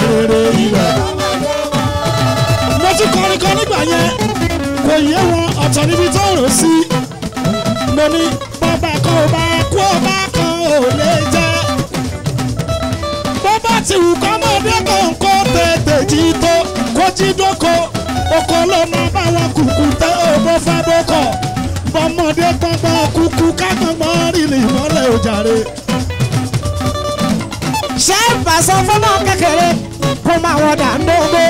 S2: ṣe rere ilẹ̀. mo tún kọrin kan nígbà yẹn kò yé wọn ọ̀tọ̀ níbi tó rò sí. mo ní bàbá kan ò bá kú ọba kan ò lè jẹ́. bó bá ti wù kọ́ mọ́dé kan kó tètè jí tó kó jí dóko oko ló máa bá wọn kùkù tẹ òbó fábókọ bọmọdé gbọngbọn kúkú kágbọngbọn rìnrìn mọ́lẹ̀ òjàre. ṣé pàṣẹ fọmọ kékeré kó máa wọ dàńdógó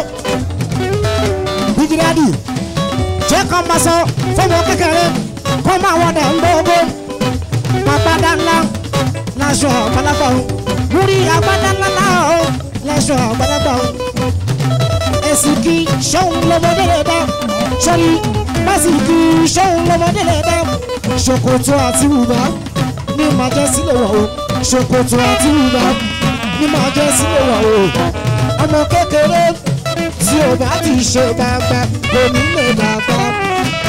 S2: bíjìdádì jẹ́ kó máa sọ fọmọ kékeré kó máa wọ dàńdógó agbádá ńlá láṣọ ọ̀gbálágbá o múrí agbádá ńlá náà o láṣọ ọ̀gbálágbá o èsì kì í ṣóun lọ́mọdé lè dá sọ́rí bẹ́sì kì í ṣóun lọ́mọdé lè dá ṣòkòtò àti bùbá ní màá jẹ́ sílẹ̀ wọ̀ o ṣòkòtò àti bùbá ní màá jẹ́ sílẹ̀ o ọmọ kékeré tí o bá ti ṣe dàgbà kò ní lè dàgbà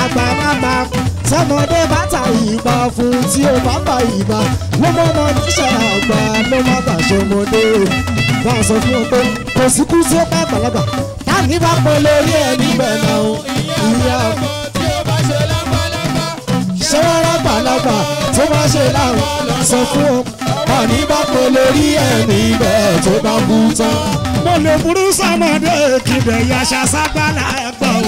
S2: àgbà má máa sọmọdé bá ta ìbá fún tí o bá ta ìbá ló mọ ọmọ níṣẹ́ àgbà ló má bà ṣọmọdé bá a sọ fún ọ pé kò sí kú sí ọpá àgbàlagbà táàní bá pọ lórí ẹni bẹ́ẹ̀ náà ìyá ọmọ tí o bá ṣe lágbàlagbà ṣé wọ́n lágbàlagbà tó bá ṣe láwọn sọ fún ọ mo lè rí ẹni bẹ́ẹ̀ tó bá kú tán.
S4: mo lè burú sọmọdé
S2: kìdẹ̀ yàṣà sábàlá ẹ̀gbọ́n.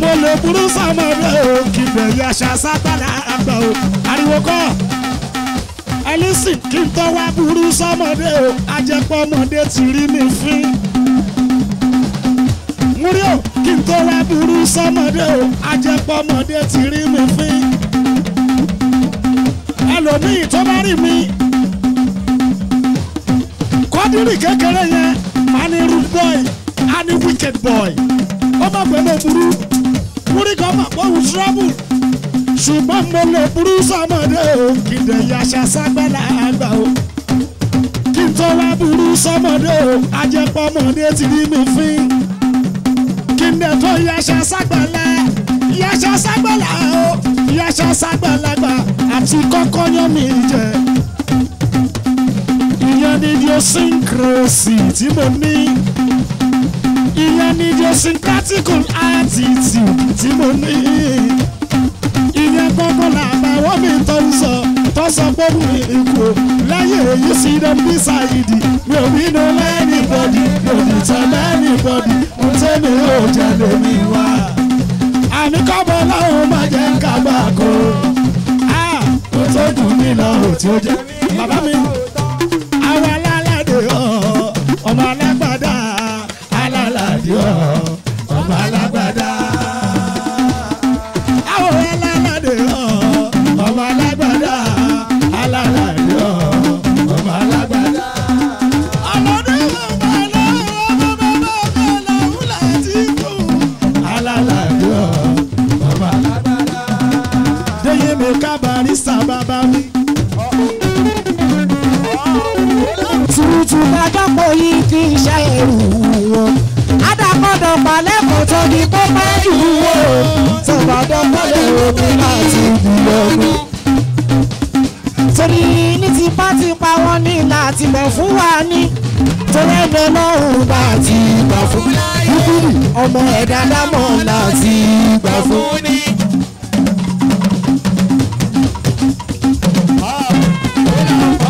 S2: mo lè burú sọmọdé kìdẹ̀ yàṣà sábàlá ẹ̀gbọ́n. ariwo kọ́ ẹlísìn kí n tọ́ wá burú sọmọdé o ọmọdé ti rí mi fín. múrí o kí n tó wá burú sọmọdé o ajẹpọmọdé ti rí mi fín ẹlòmíì tó bá rí mi kọ́dírì kékeré yẹn a ní rude boy a ní wicked boy ó má pẹ́ ló burú burú kan mà pé òun trouble ṣùgbọ́n mo lè burú sọmọdé o kí n dẹ̀ yàṣà ságbálá àgbà o kí n tó burú sọmọdé o ajẹpọmọdé ti rí mi fín ẹni tó yẹsẹ̀ ságbàlá yẹsẹ̀ ságbàlá o yẹsẹ̀ ságbàlá gbà àti kọ́kọ́ yán mi jẹ. ìyẹn ni idiosyncrasy tí mo ní ìyẹn ni idiosyncratical attitude tí mo ní ìyẹn gbọ́dọ̀ làbàwọ́ mi tó ń sọ tó sọ pé mi kú lẹ́yìn èyí sí dẹ́bí ṣáìdì mi ò rí nu lẹ́yìn anybody lórí tán anybody mo tẹ́mi ò jẹ́ lèmi wá. àmì kọ́bọ̀ láwọn máa jẹ́ ń kábàkó. mo tó dùn mí lọ òtí ó jẹ́ mi. ọmọ ẹ̀dá lámọ̀ láti gbà fún ni.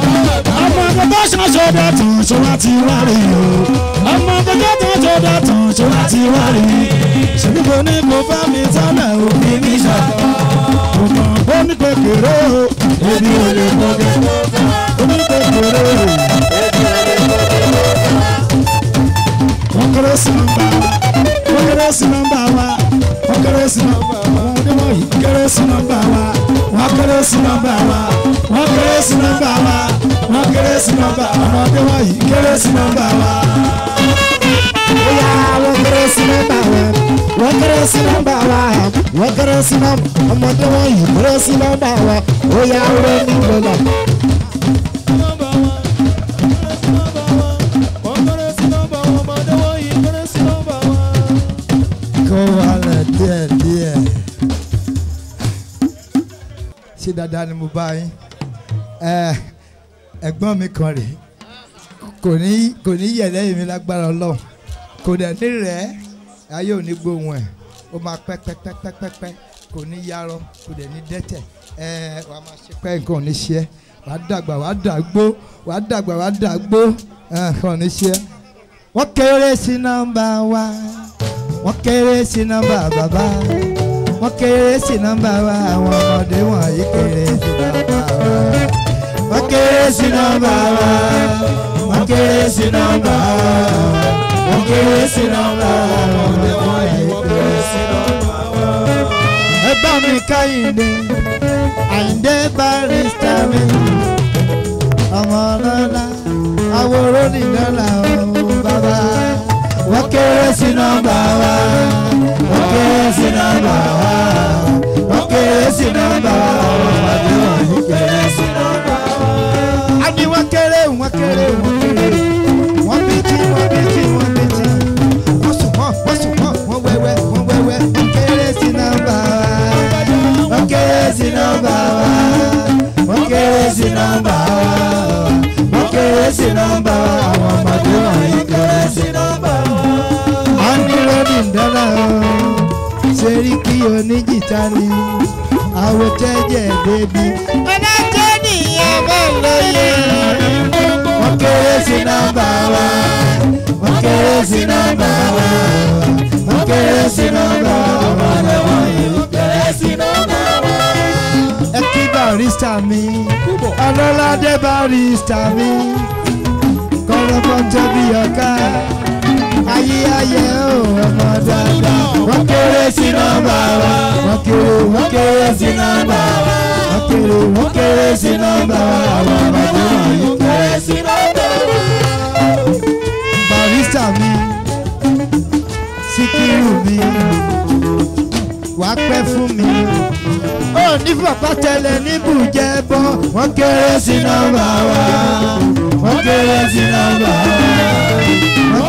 S4: ọmọ gbogbo ṣan ṣọdọ tán ṣọ láti wá rí o ọmọ gbogbo tán ṣọdọ tán ṣọ láti wá rí ṣèlú kò ní kó bá mi sọ́nà òbí mi ṣàkọ́ ọmọ bó ní kékeré o èmi ò lè kọ́ kẹ́kọ́ fún mi kékeré o èmi ò lè kọ́ kẹ́kọ́ fún mi. Congress number kérésì nọ́mbà wa wọ́n kérésì nọ́mbà wa wọ́n dé
S2: kérésì nọ́mbà wa wọ́n kérésì nọ́mbà wa wọ́n kérésì nọ́mbà wa wọ́n kérésì nọ́mbà wa wọ́n dé wọ̀nyí kérésì nọ́mbà wa. Oya wọ́n kérésì nọ́mbà wa wọ́n kérésì wa wọ́n kérésì nọ́mbà ọmọdé wọ̀nyí wa oya wọ́n ní ìgbọ̀nà. dáadáa ni mo bá yín eh, ẹ̀gbọ́n mi kan rèé kò ní kò lẹ́yìn mi lágbára Ọlọ́run kò dẹ̀ ní rẹ̀ ayé ò ní gbóhùn ẹ̀ ó máa pẹ́ pẹ́ pẹ́ pẹ́ pẹ́ pẹ́ kò ní yarọ kò dẹ̀ ní dẹ́tẹ̀ ẹ eh, wàá máa ṣe pẹ́ nǹkan ò ní ṣe ẹ́ wàá dàgbà wàá dàgbó wàá dàgbà wàá dàgbó eh, nǹkan ò ní ṣe ẹ́. wọ́n kéré sí nọ́mbà wa wọ́n kéré sí nọ́mbà bàbá wọ́n kéré sí
S4: nọ́mbà wa àwọn ọmọdé wọ̀nyí kéré sí nọ́mbà wa wọ́n kéré sí nọ́mbà wa wọ́n kéré sí nọ́mbà wa wọ́n kéré sí nọ́mbà wa àwọn ọmọdé wọ̀nyí kéré sí nọ́mbà wa. ẹ bá mi
S2: káyìndé àyìndé barista mi
S4: ọmọ ọlọ́lá àwòrán nìkan làwọn bàbá wọ́n kéré sí nọ́mbà wa wọ́n kéré sí nọ́mbà wa ó kéré sí nọ́mbà wa ọmọ àdéhùn ó kéré sí nọ́mbà wa. a
S2: ní wọ́n kéré wọ́n kéré wọ́n kéré wọ́n bí tí wọ́n bí tí wọ́n bí tí wọ́n sùn mọ́ wọ́n sùn mọ́ wọ́n wẹ́wẹ́ wọ́n wẹ́wẹ́ ó kéré sí nọ́mbà wa
S4: ó kéré sí nọ́mbà wa ó kéré sí nọ́mbà wa kéré sí nọ́mbà àwọn ọmọdé wọ̀nyí kéré sí nọ́mbà.
S2: a ní lórí ìdáná. Sẹ́ríkì oníjìta ni
S4: àwòtẹ́jẹ̀ débi. ọlọ́jọ́ nìyẹn bẹ́ẹ̀ lóye. wọ́n kéré sí nọ́mbà wa wọ́n kéré sí nọ́mbà wa wọ́n kéré sí nọ́mbà wa ọmọ lẹ́wọ̀n yìí kéré sí
S2: nọ́mbà wa. ẹ kí barista mi ọlọ́ládé barista mi kọ́ńtà kọ́ńtà ọ̀ká ayé
S4: ayé o ọmọ dada wọ́n kéré sí nọ́mbà wa wọ́n kéré wọ́n kéré sí nọ́mbà wa wọ́n kéré wọ́n kéré sí nọ́mbà wa àwọn ọmọdé wọ̀nyí kéré sí nọ́mbà wa. barista mi
S2: Síkírù mi wàá pẹ́ fún mi ó ní bàbá tẹ́lẹ̀ níbùjẹ́ bọ́ wọ́n kéré sí nọ́mbà wa
S4: wọ́n kéré sí nọ́mbà wa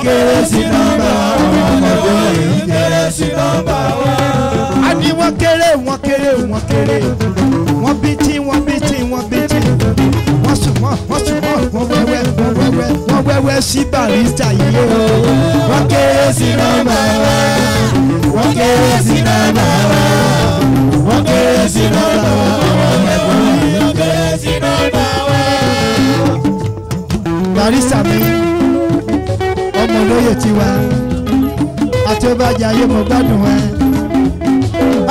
S4: kéré sí nọ́mbà àwọn ọmọdé yìí kéré sí nọ́mbà wa.
S2: a ní wọ́n kéré wọ́n kéré wọ́n kéré wọ́n bí tí wọ́n bí tí wọ́n bí tí wọ́n sùn wọ́n wọ́n sùn wọ́n wọ́n wẹ́wẹ́ wọ́n wẹ́wẹ́ wọ́n wẹ́wẹ́ sí barista yìí o. wọ́n kéré
S4: sí nọ́mbà wa wọ́n kéré
S2: barista mi olóyè tiwa àti ọba àjàyè mo gbádùn ẹ.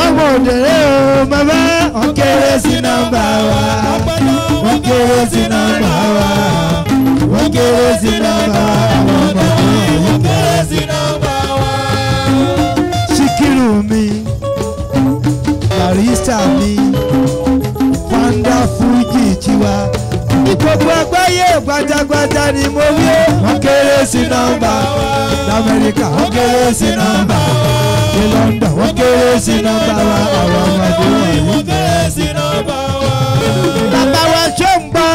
S2: ọmọ òdèrè o
S4: màmá wọn kéré sí nọ́mbà wa wọn kéré sí nọ́mbà wa wọn kéré sí nọ́mbà àwọn ọmọ mi wọn kéré sí nọ́mbà wa. Síkírù mi barista
S2: mi fanda Fuji tiwa. Gbogbo àgbáyé gbajagbaja ni mo wí. Wọ́n kéré sí nọ́mbà wa. L'Amẹ́ríkà wọ́n kéré sí nọ́mbà wa. Ní London wọ́n kéré sí nọ́mbà wa. Àwọn ọmọdé wọ̀nyí wọ́n kéré sí nọ́mbà wa. Bàbá wa ṣó ń bọ̀.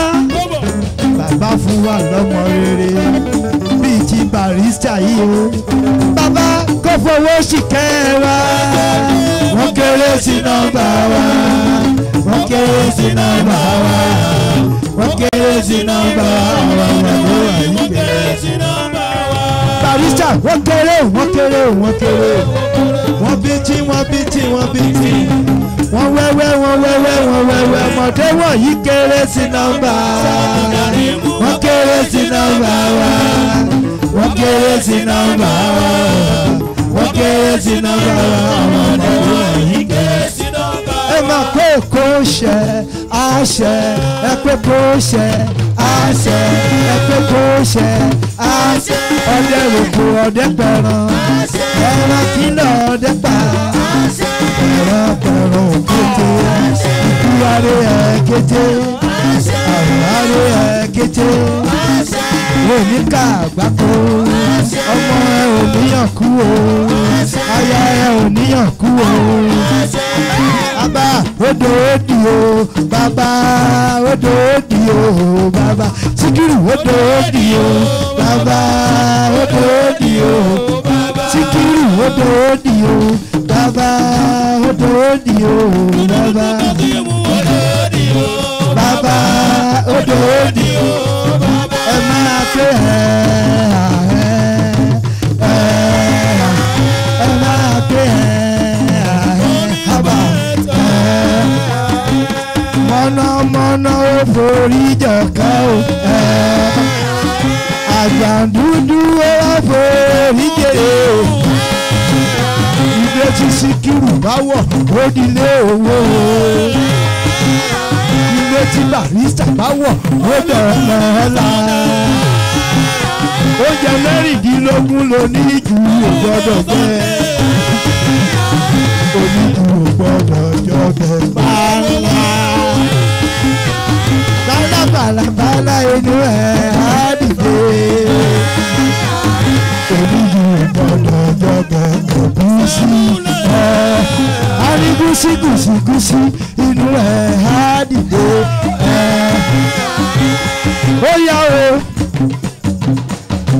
S2: Bàbá fún wa lọ́mọ rere bíi ti barista yìí o. Bàbá kò fowó ṣìkẹ́ wa. Wọ́n kéré sí nọ́mbà wa. Wọ́n kéré sí nọ́mbà wa wọ́n kéré sí nọ́mbà wa ìyàwó àyè
S4: bẹ̀rẹ̀.
S2: barista wọ́n kéré wọ́n kéré wọ́n kéré wọ́n bí tí wọ́n bí tí wọ́n bí tí wọ́n wẹ́wẹ́ wọ́n wẹ́wẹ́ wọ́n wẹ́wẹ́ mọ̀dé wọ̀nyí kéré sí nọ́mbà
S4: wọ́n kéré nọ́mbà wa wọ́n nọ́mbà wa wọ́n nọ́mbà wa ọmọdé wọ̀nyí kéré
S2: ẹ máa pé kó ṣẹ àṣẹ ẹ pé kó ṣẹ
S4: àṣẹ ẹ pé kó ṣẹ àṣẹ ọdẹ rògbò ọdẹ pẹran ẹran kìlọ̀ ọdẹ pa ẹran pẹran òkété ìkúwárẹ̀ ẹ̀kété àrùn àrẹ̀ ẹ̀kété oníkà àgbákò ọmọ ẹ ò níyàn kú o aya ẹ ò níyàn kú o bàbá
S2: odò òdì o bàbá odò òdì o bàbá Síkírù odò òdì o bàbá odò òdì o
S4: Síkírù odò òdì o bàbá odò òdì o bàbá bàbá odò òdì o ṣe ẹ̀ ẹ̀ ẹ̀ ẹ máa gbé ẹ̀ ẹ̀ àbá ẹ̀ mọ̀nàmọ́ná ó forí jọ̀ká o
S2: ẹ̀ àgbàdúndú o ilé tí Síkírù bá wọ̀ ó dilé owó o ilé tí barista bá wọ̀ ó dọ̀rọ̀
S4: lọ́la oúnjẹ mẹ́rìndínlógún ló ní jù ú gbọ́dọ̀ jẹ́ oníjù ú gbọ́dọ̀ jọ́dọ̀ bàlá. bàlá bàlá bàlá inú ẹ̀ á dìde oníjù ú gbọ́dọ̀ jọ́dọ̀ ògúsí ẹ̀ á rí gúsí gúsí gúsí inú ẹ̀ á dìde.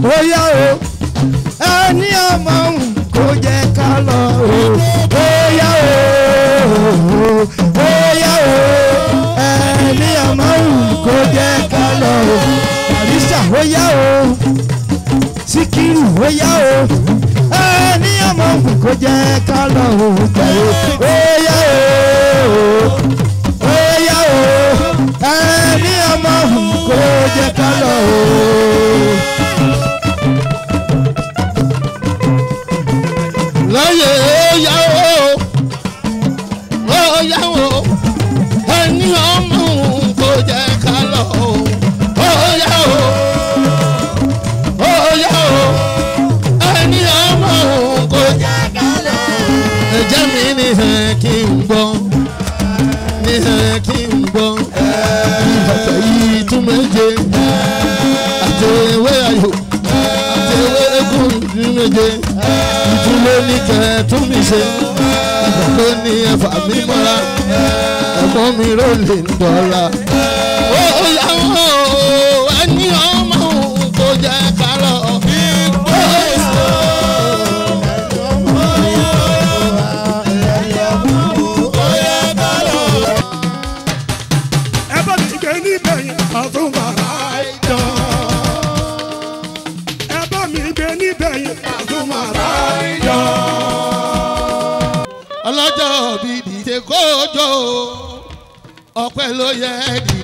S2: bóyá o ẹni ọmọ
S4: òun kò jẹ́ ká lọ o bóyá o bóyá o ẹni ọmọ òun kò jẹ́ ká lọ
S2: o àríṣà bóyá o síkírù bóyá
S4: o ẹni ọmọ òun kò jẹ́ ká lọ o bóyá o.
S1: yeah. fẹ́ tún mi ṣe ìgbà tó ní ẹ̀fà mi mọ́ra ẹ̀gbọ́n mi ró lè ń dọ́la. ó yà ló yẹ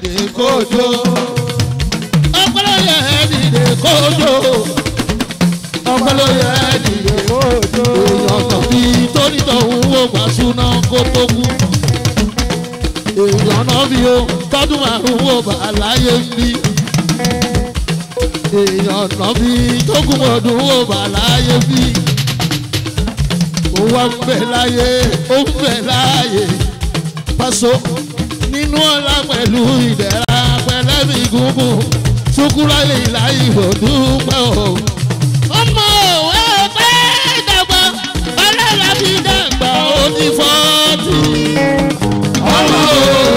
S1: dìde kójó ọpẹ́ ló yẹ dìde kójó ọpẹ́ ló yẹ dìde kójó èèyàn kan bí torí tọ̀hún wò wá súná kó tó kú èèyàn náà bí o tọdún márùn wò bá láyé bí èèyàn náà bí tógún ọdún wò bá láyé bí ó wá ń bẹ láyé ó ń bẹ láyé pásó nínú ọlá pẹ̀lú ìdẹ̀ra pẹ̀lẹ́mì gúngùn ṣúkúrọ̀ lè láyé òdúpẹ́ o. ọmọ òwe pé
S4: dàgbà ọlọ́lá fi dàgbà ó ní fọ́ọ̀tì. ọmọ òwe.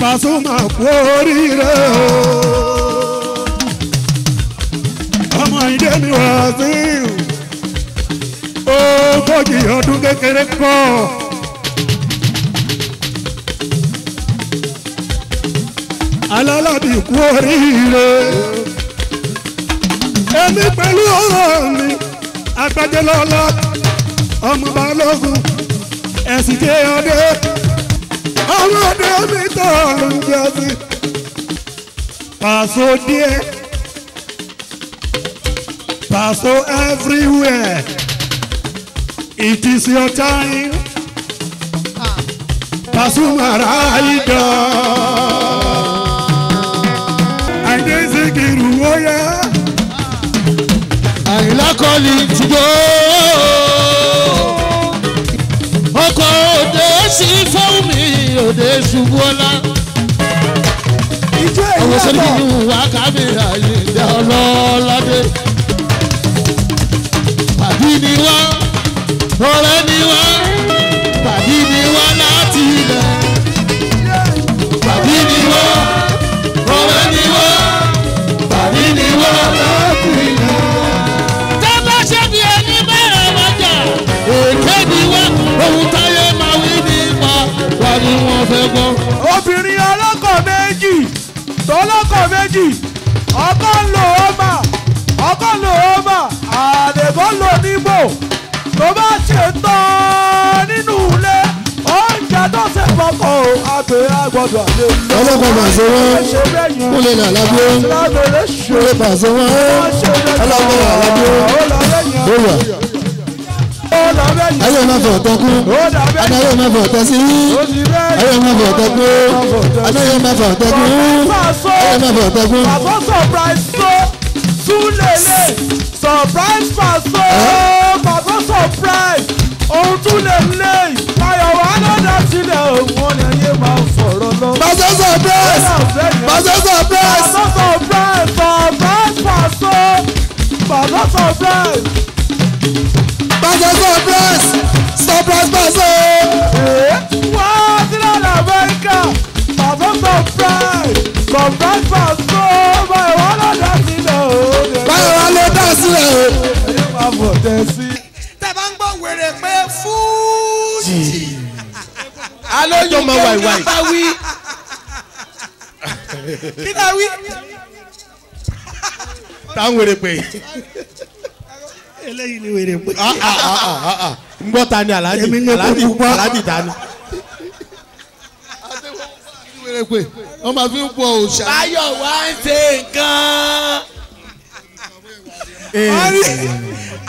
S2: Pasuma kú oríire o. ọmọ ìdè mi wá sí ogójì ọdún kékeré kọ́. alálàbí kú oríire. èmi pẹ̀lú ọ̀rọ̀ mi agbájẹ́lọ́lá ọmọ balógun ẹ̀sìn jẹ́ ọdẹ àwọn ọdẹ mi tó ló ń jẹ sí. Pàṣọ díẹ̀, pàṣọ everywhere, it is your time. Pasuma Raida. Àìdé Zikiru wọ́yá.
S1: Àìlákọ́lì tìjọ́. ṣubú ọlá. ìjọ ìyàtọ̀ àwọn sọ́dọ̀ kìíní wà kábí ààyè ìjà ọlọ́ládé. tàbí ni wá
S4: ọ̀rẹ́ ni wá.
S2: méjì ọkọ ń lò mà ọkọ ń lò ó mà àdèbó lò nígbò tó bá ṣe tán nínú ilé oúnjẹ tó ṣe fọkọ o àgbè àlè lọ. ọlọ́pàá pàṣẹ wọn kúlẹ̀ ní àlàbíyé kúlẹ̀ pàṣẹ wọn ọlọ́pàá àlàbíyé bóyá ayé máa fọ̀ tán kú anáyọ̀ máa fọ̀ tẹ́ sí ayọ̀ máa fọ̀ tẹ́ kú anáyọ̀ máa fọ̀ tẹ́ kú ayọ̀ máa fọ̀ tẹ́ kú. pàṣọ surprise so tún lélẹ̀ surprise pàṣọ pàṣọ surprise òun tún lélẹ̀ ayọ̀ wà lọ́dà sílẹ̀ òun ni ayé máa ń fọ̀rọ̀ lọ. pàṣọ surprise pàṣọ surprise pàṣọ surprise surprise pàṣọ pàṣọ surprise. pàṣọ surprise surprise pass o. wá sí láti amẹ́ríkà bàbá surprise surprise pass o báyọ̀ wá lọ dá sílẹ̀ o. báyọ̀ wá lọ dá sílẹ̀ o. ẹ̀yẹ́ máa bọ̀ tẹ̀ sí. tẹ́ bá ń gbọ́ wèrè pé fúùjì. alóyún kí n ká bá
S4: wí. kí n ká wí.
S1: táwọn wèrè pé eléyìí ni wèrè pé. n ah, ah, ah, gbọ́ ta ni alhaji alhaji alhaji ta ni. wọ́n máa fi ń pọ̀ òòṣà. báyọ̀ wá ń ṣe nǹkan.
S2: Eh.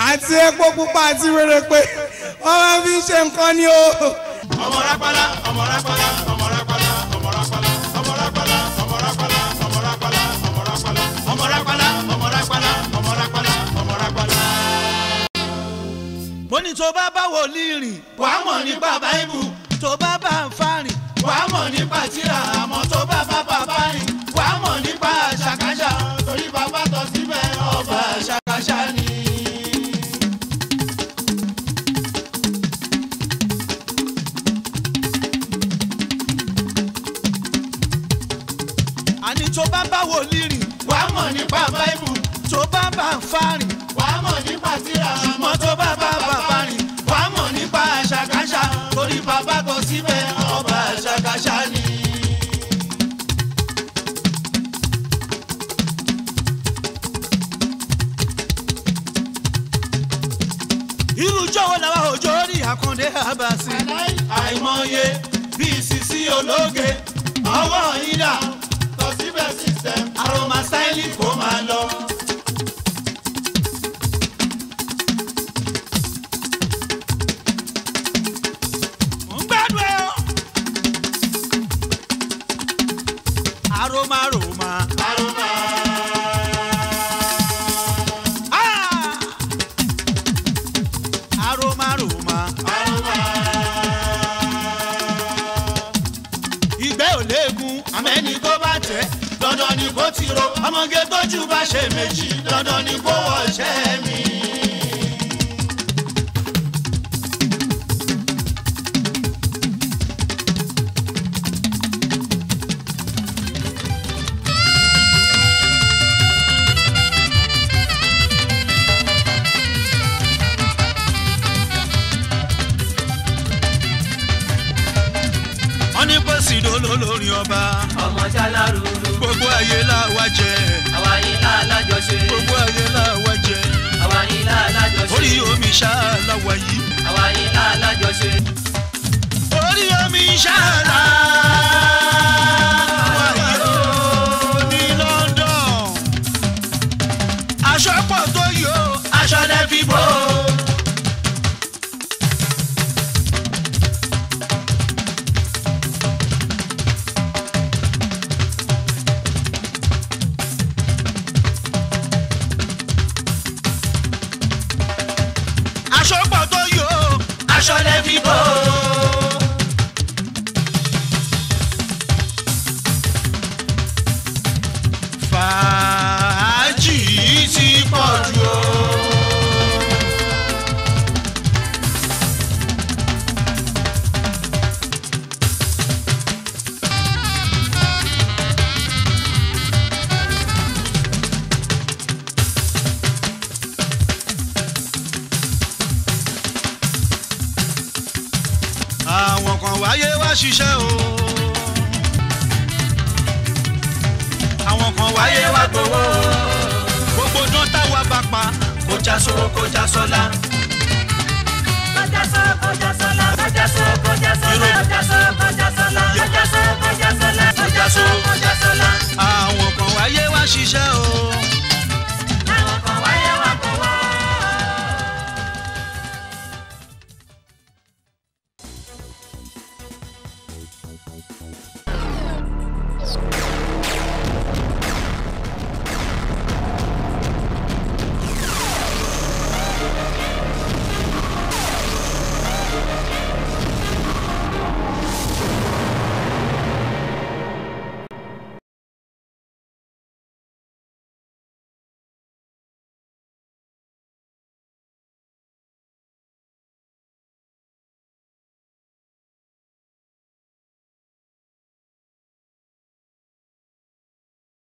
S2: àti epo pupa àti wèrè pé wọ́n máa fi ń ṣe nǹkan ni o. ọmọ rápálá ọmọ rápálá ọmọ rápálá ọmọ rápálá ọmọ rápálá ọmọ rápálá ọmọ rápálá ọmọ rápálá. mo ní tó bá bá wòlíì rìn wàá mọ̀ nípa báíbù tó bá bá ń fa rìn wàá mọ̀ nípa tírà àmọ́ tó bá bá bàbá rìn wàá mọ̀ nípa àṣàkáṣà torí bàbá tọ́ síbẹ̀ ọba àṣàkáṣà ni. àní tó bá bá wòlíì rìn wàá mọ̀ nípa báíbù tó bá bá ń fa rìn wàá mọ̀ nípa tírà. bàbá kò síbẹ̀ ọba ṣàkàṣà ni. irú jọ̀wọ́ làwọn òjò rí àkàndé àbàsí. àìmọye bíi sisi ológe ọwọ́ yín tọ́síbẹ̀ system aroma styling kò máa lọ. ọmọge tójú bá ṣe méjì dandan ni kó wọ ṣẹ́ mi. say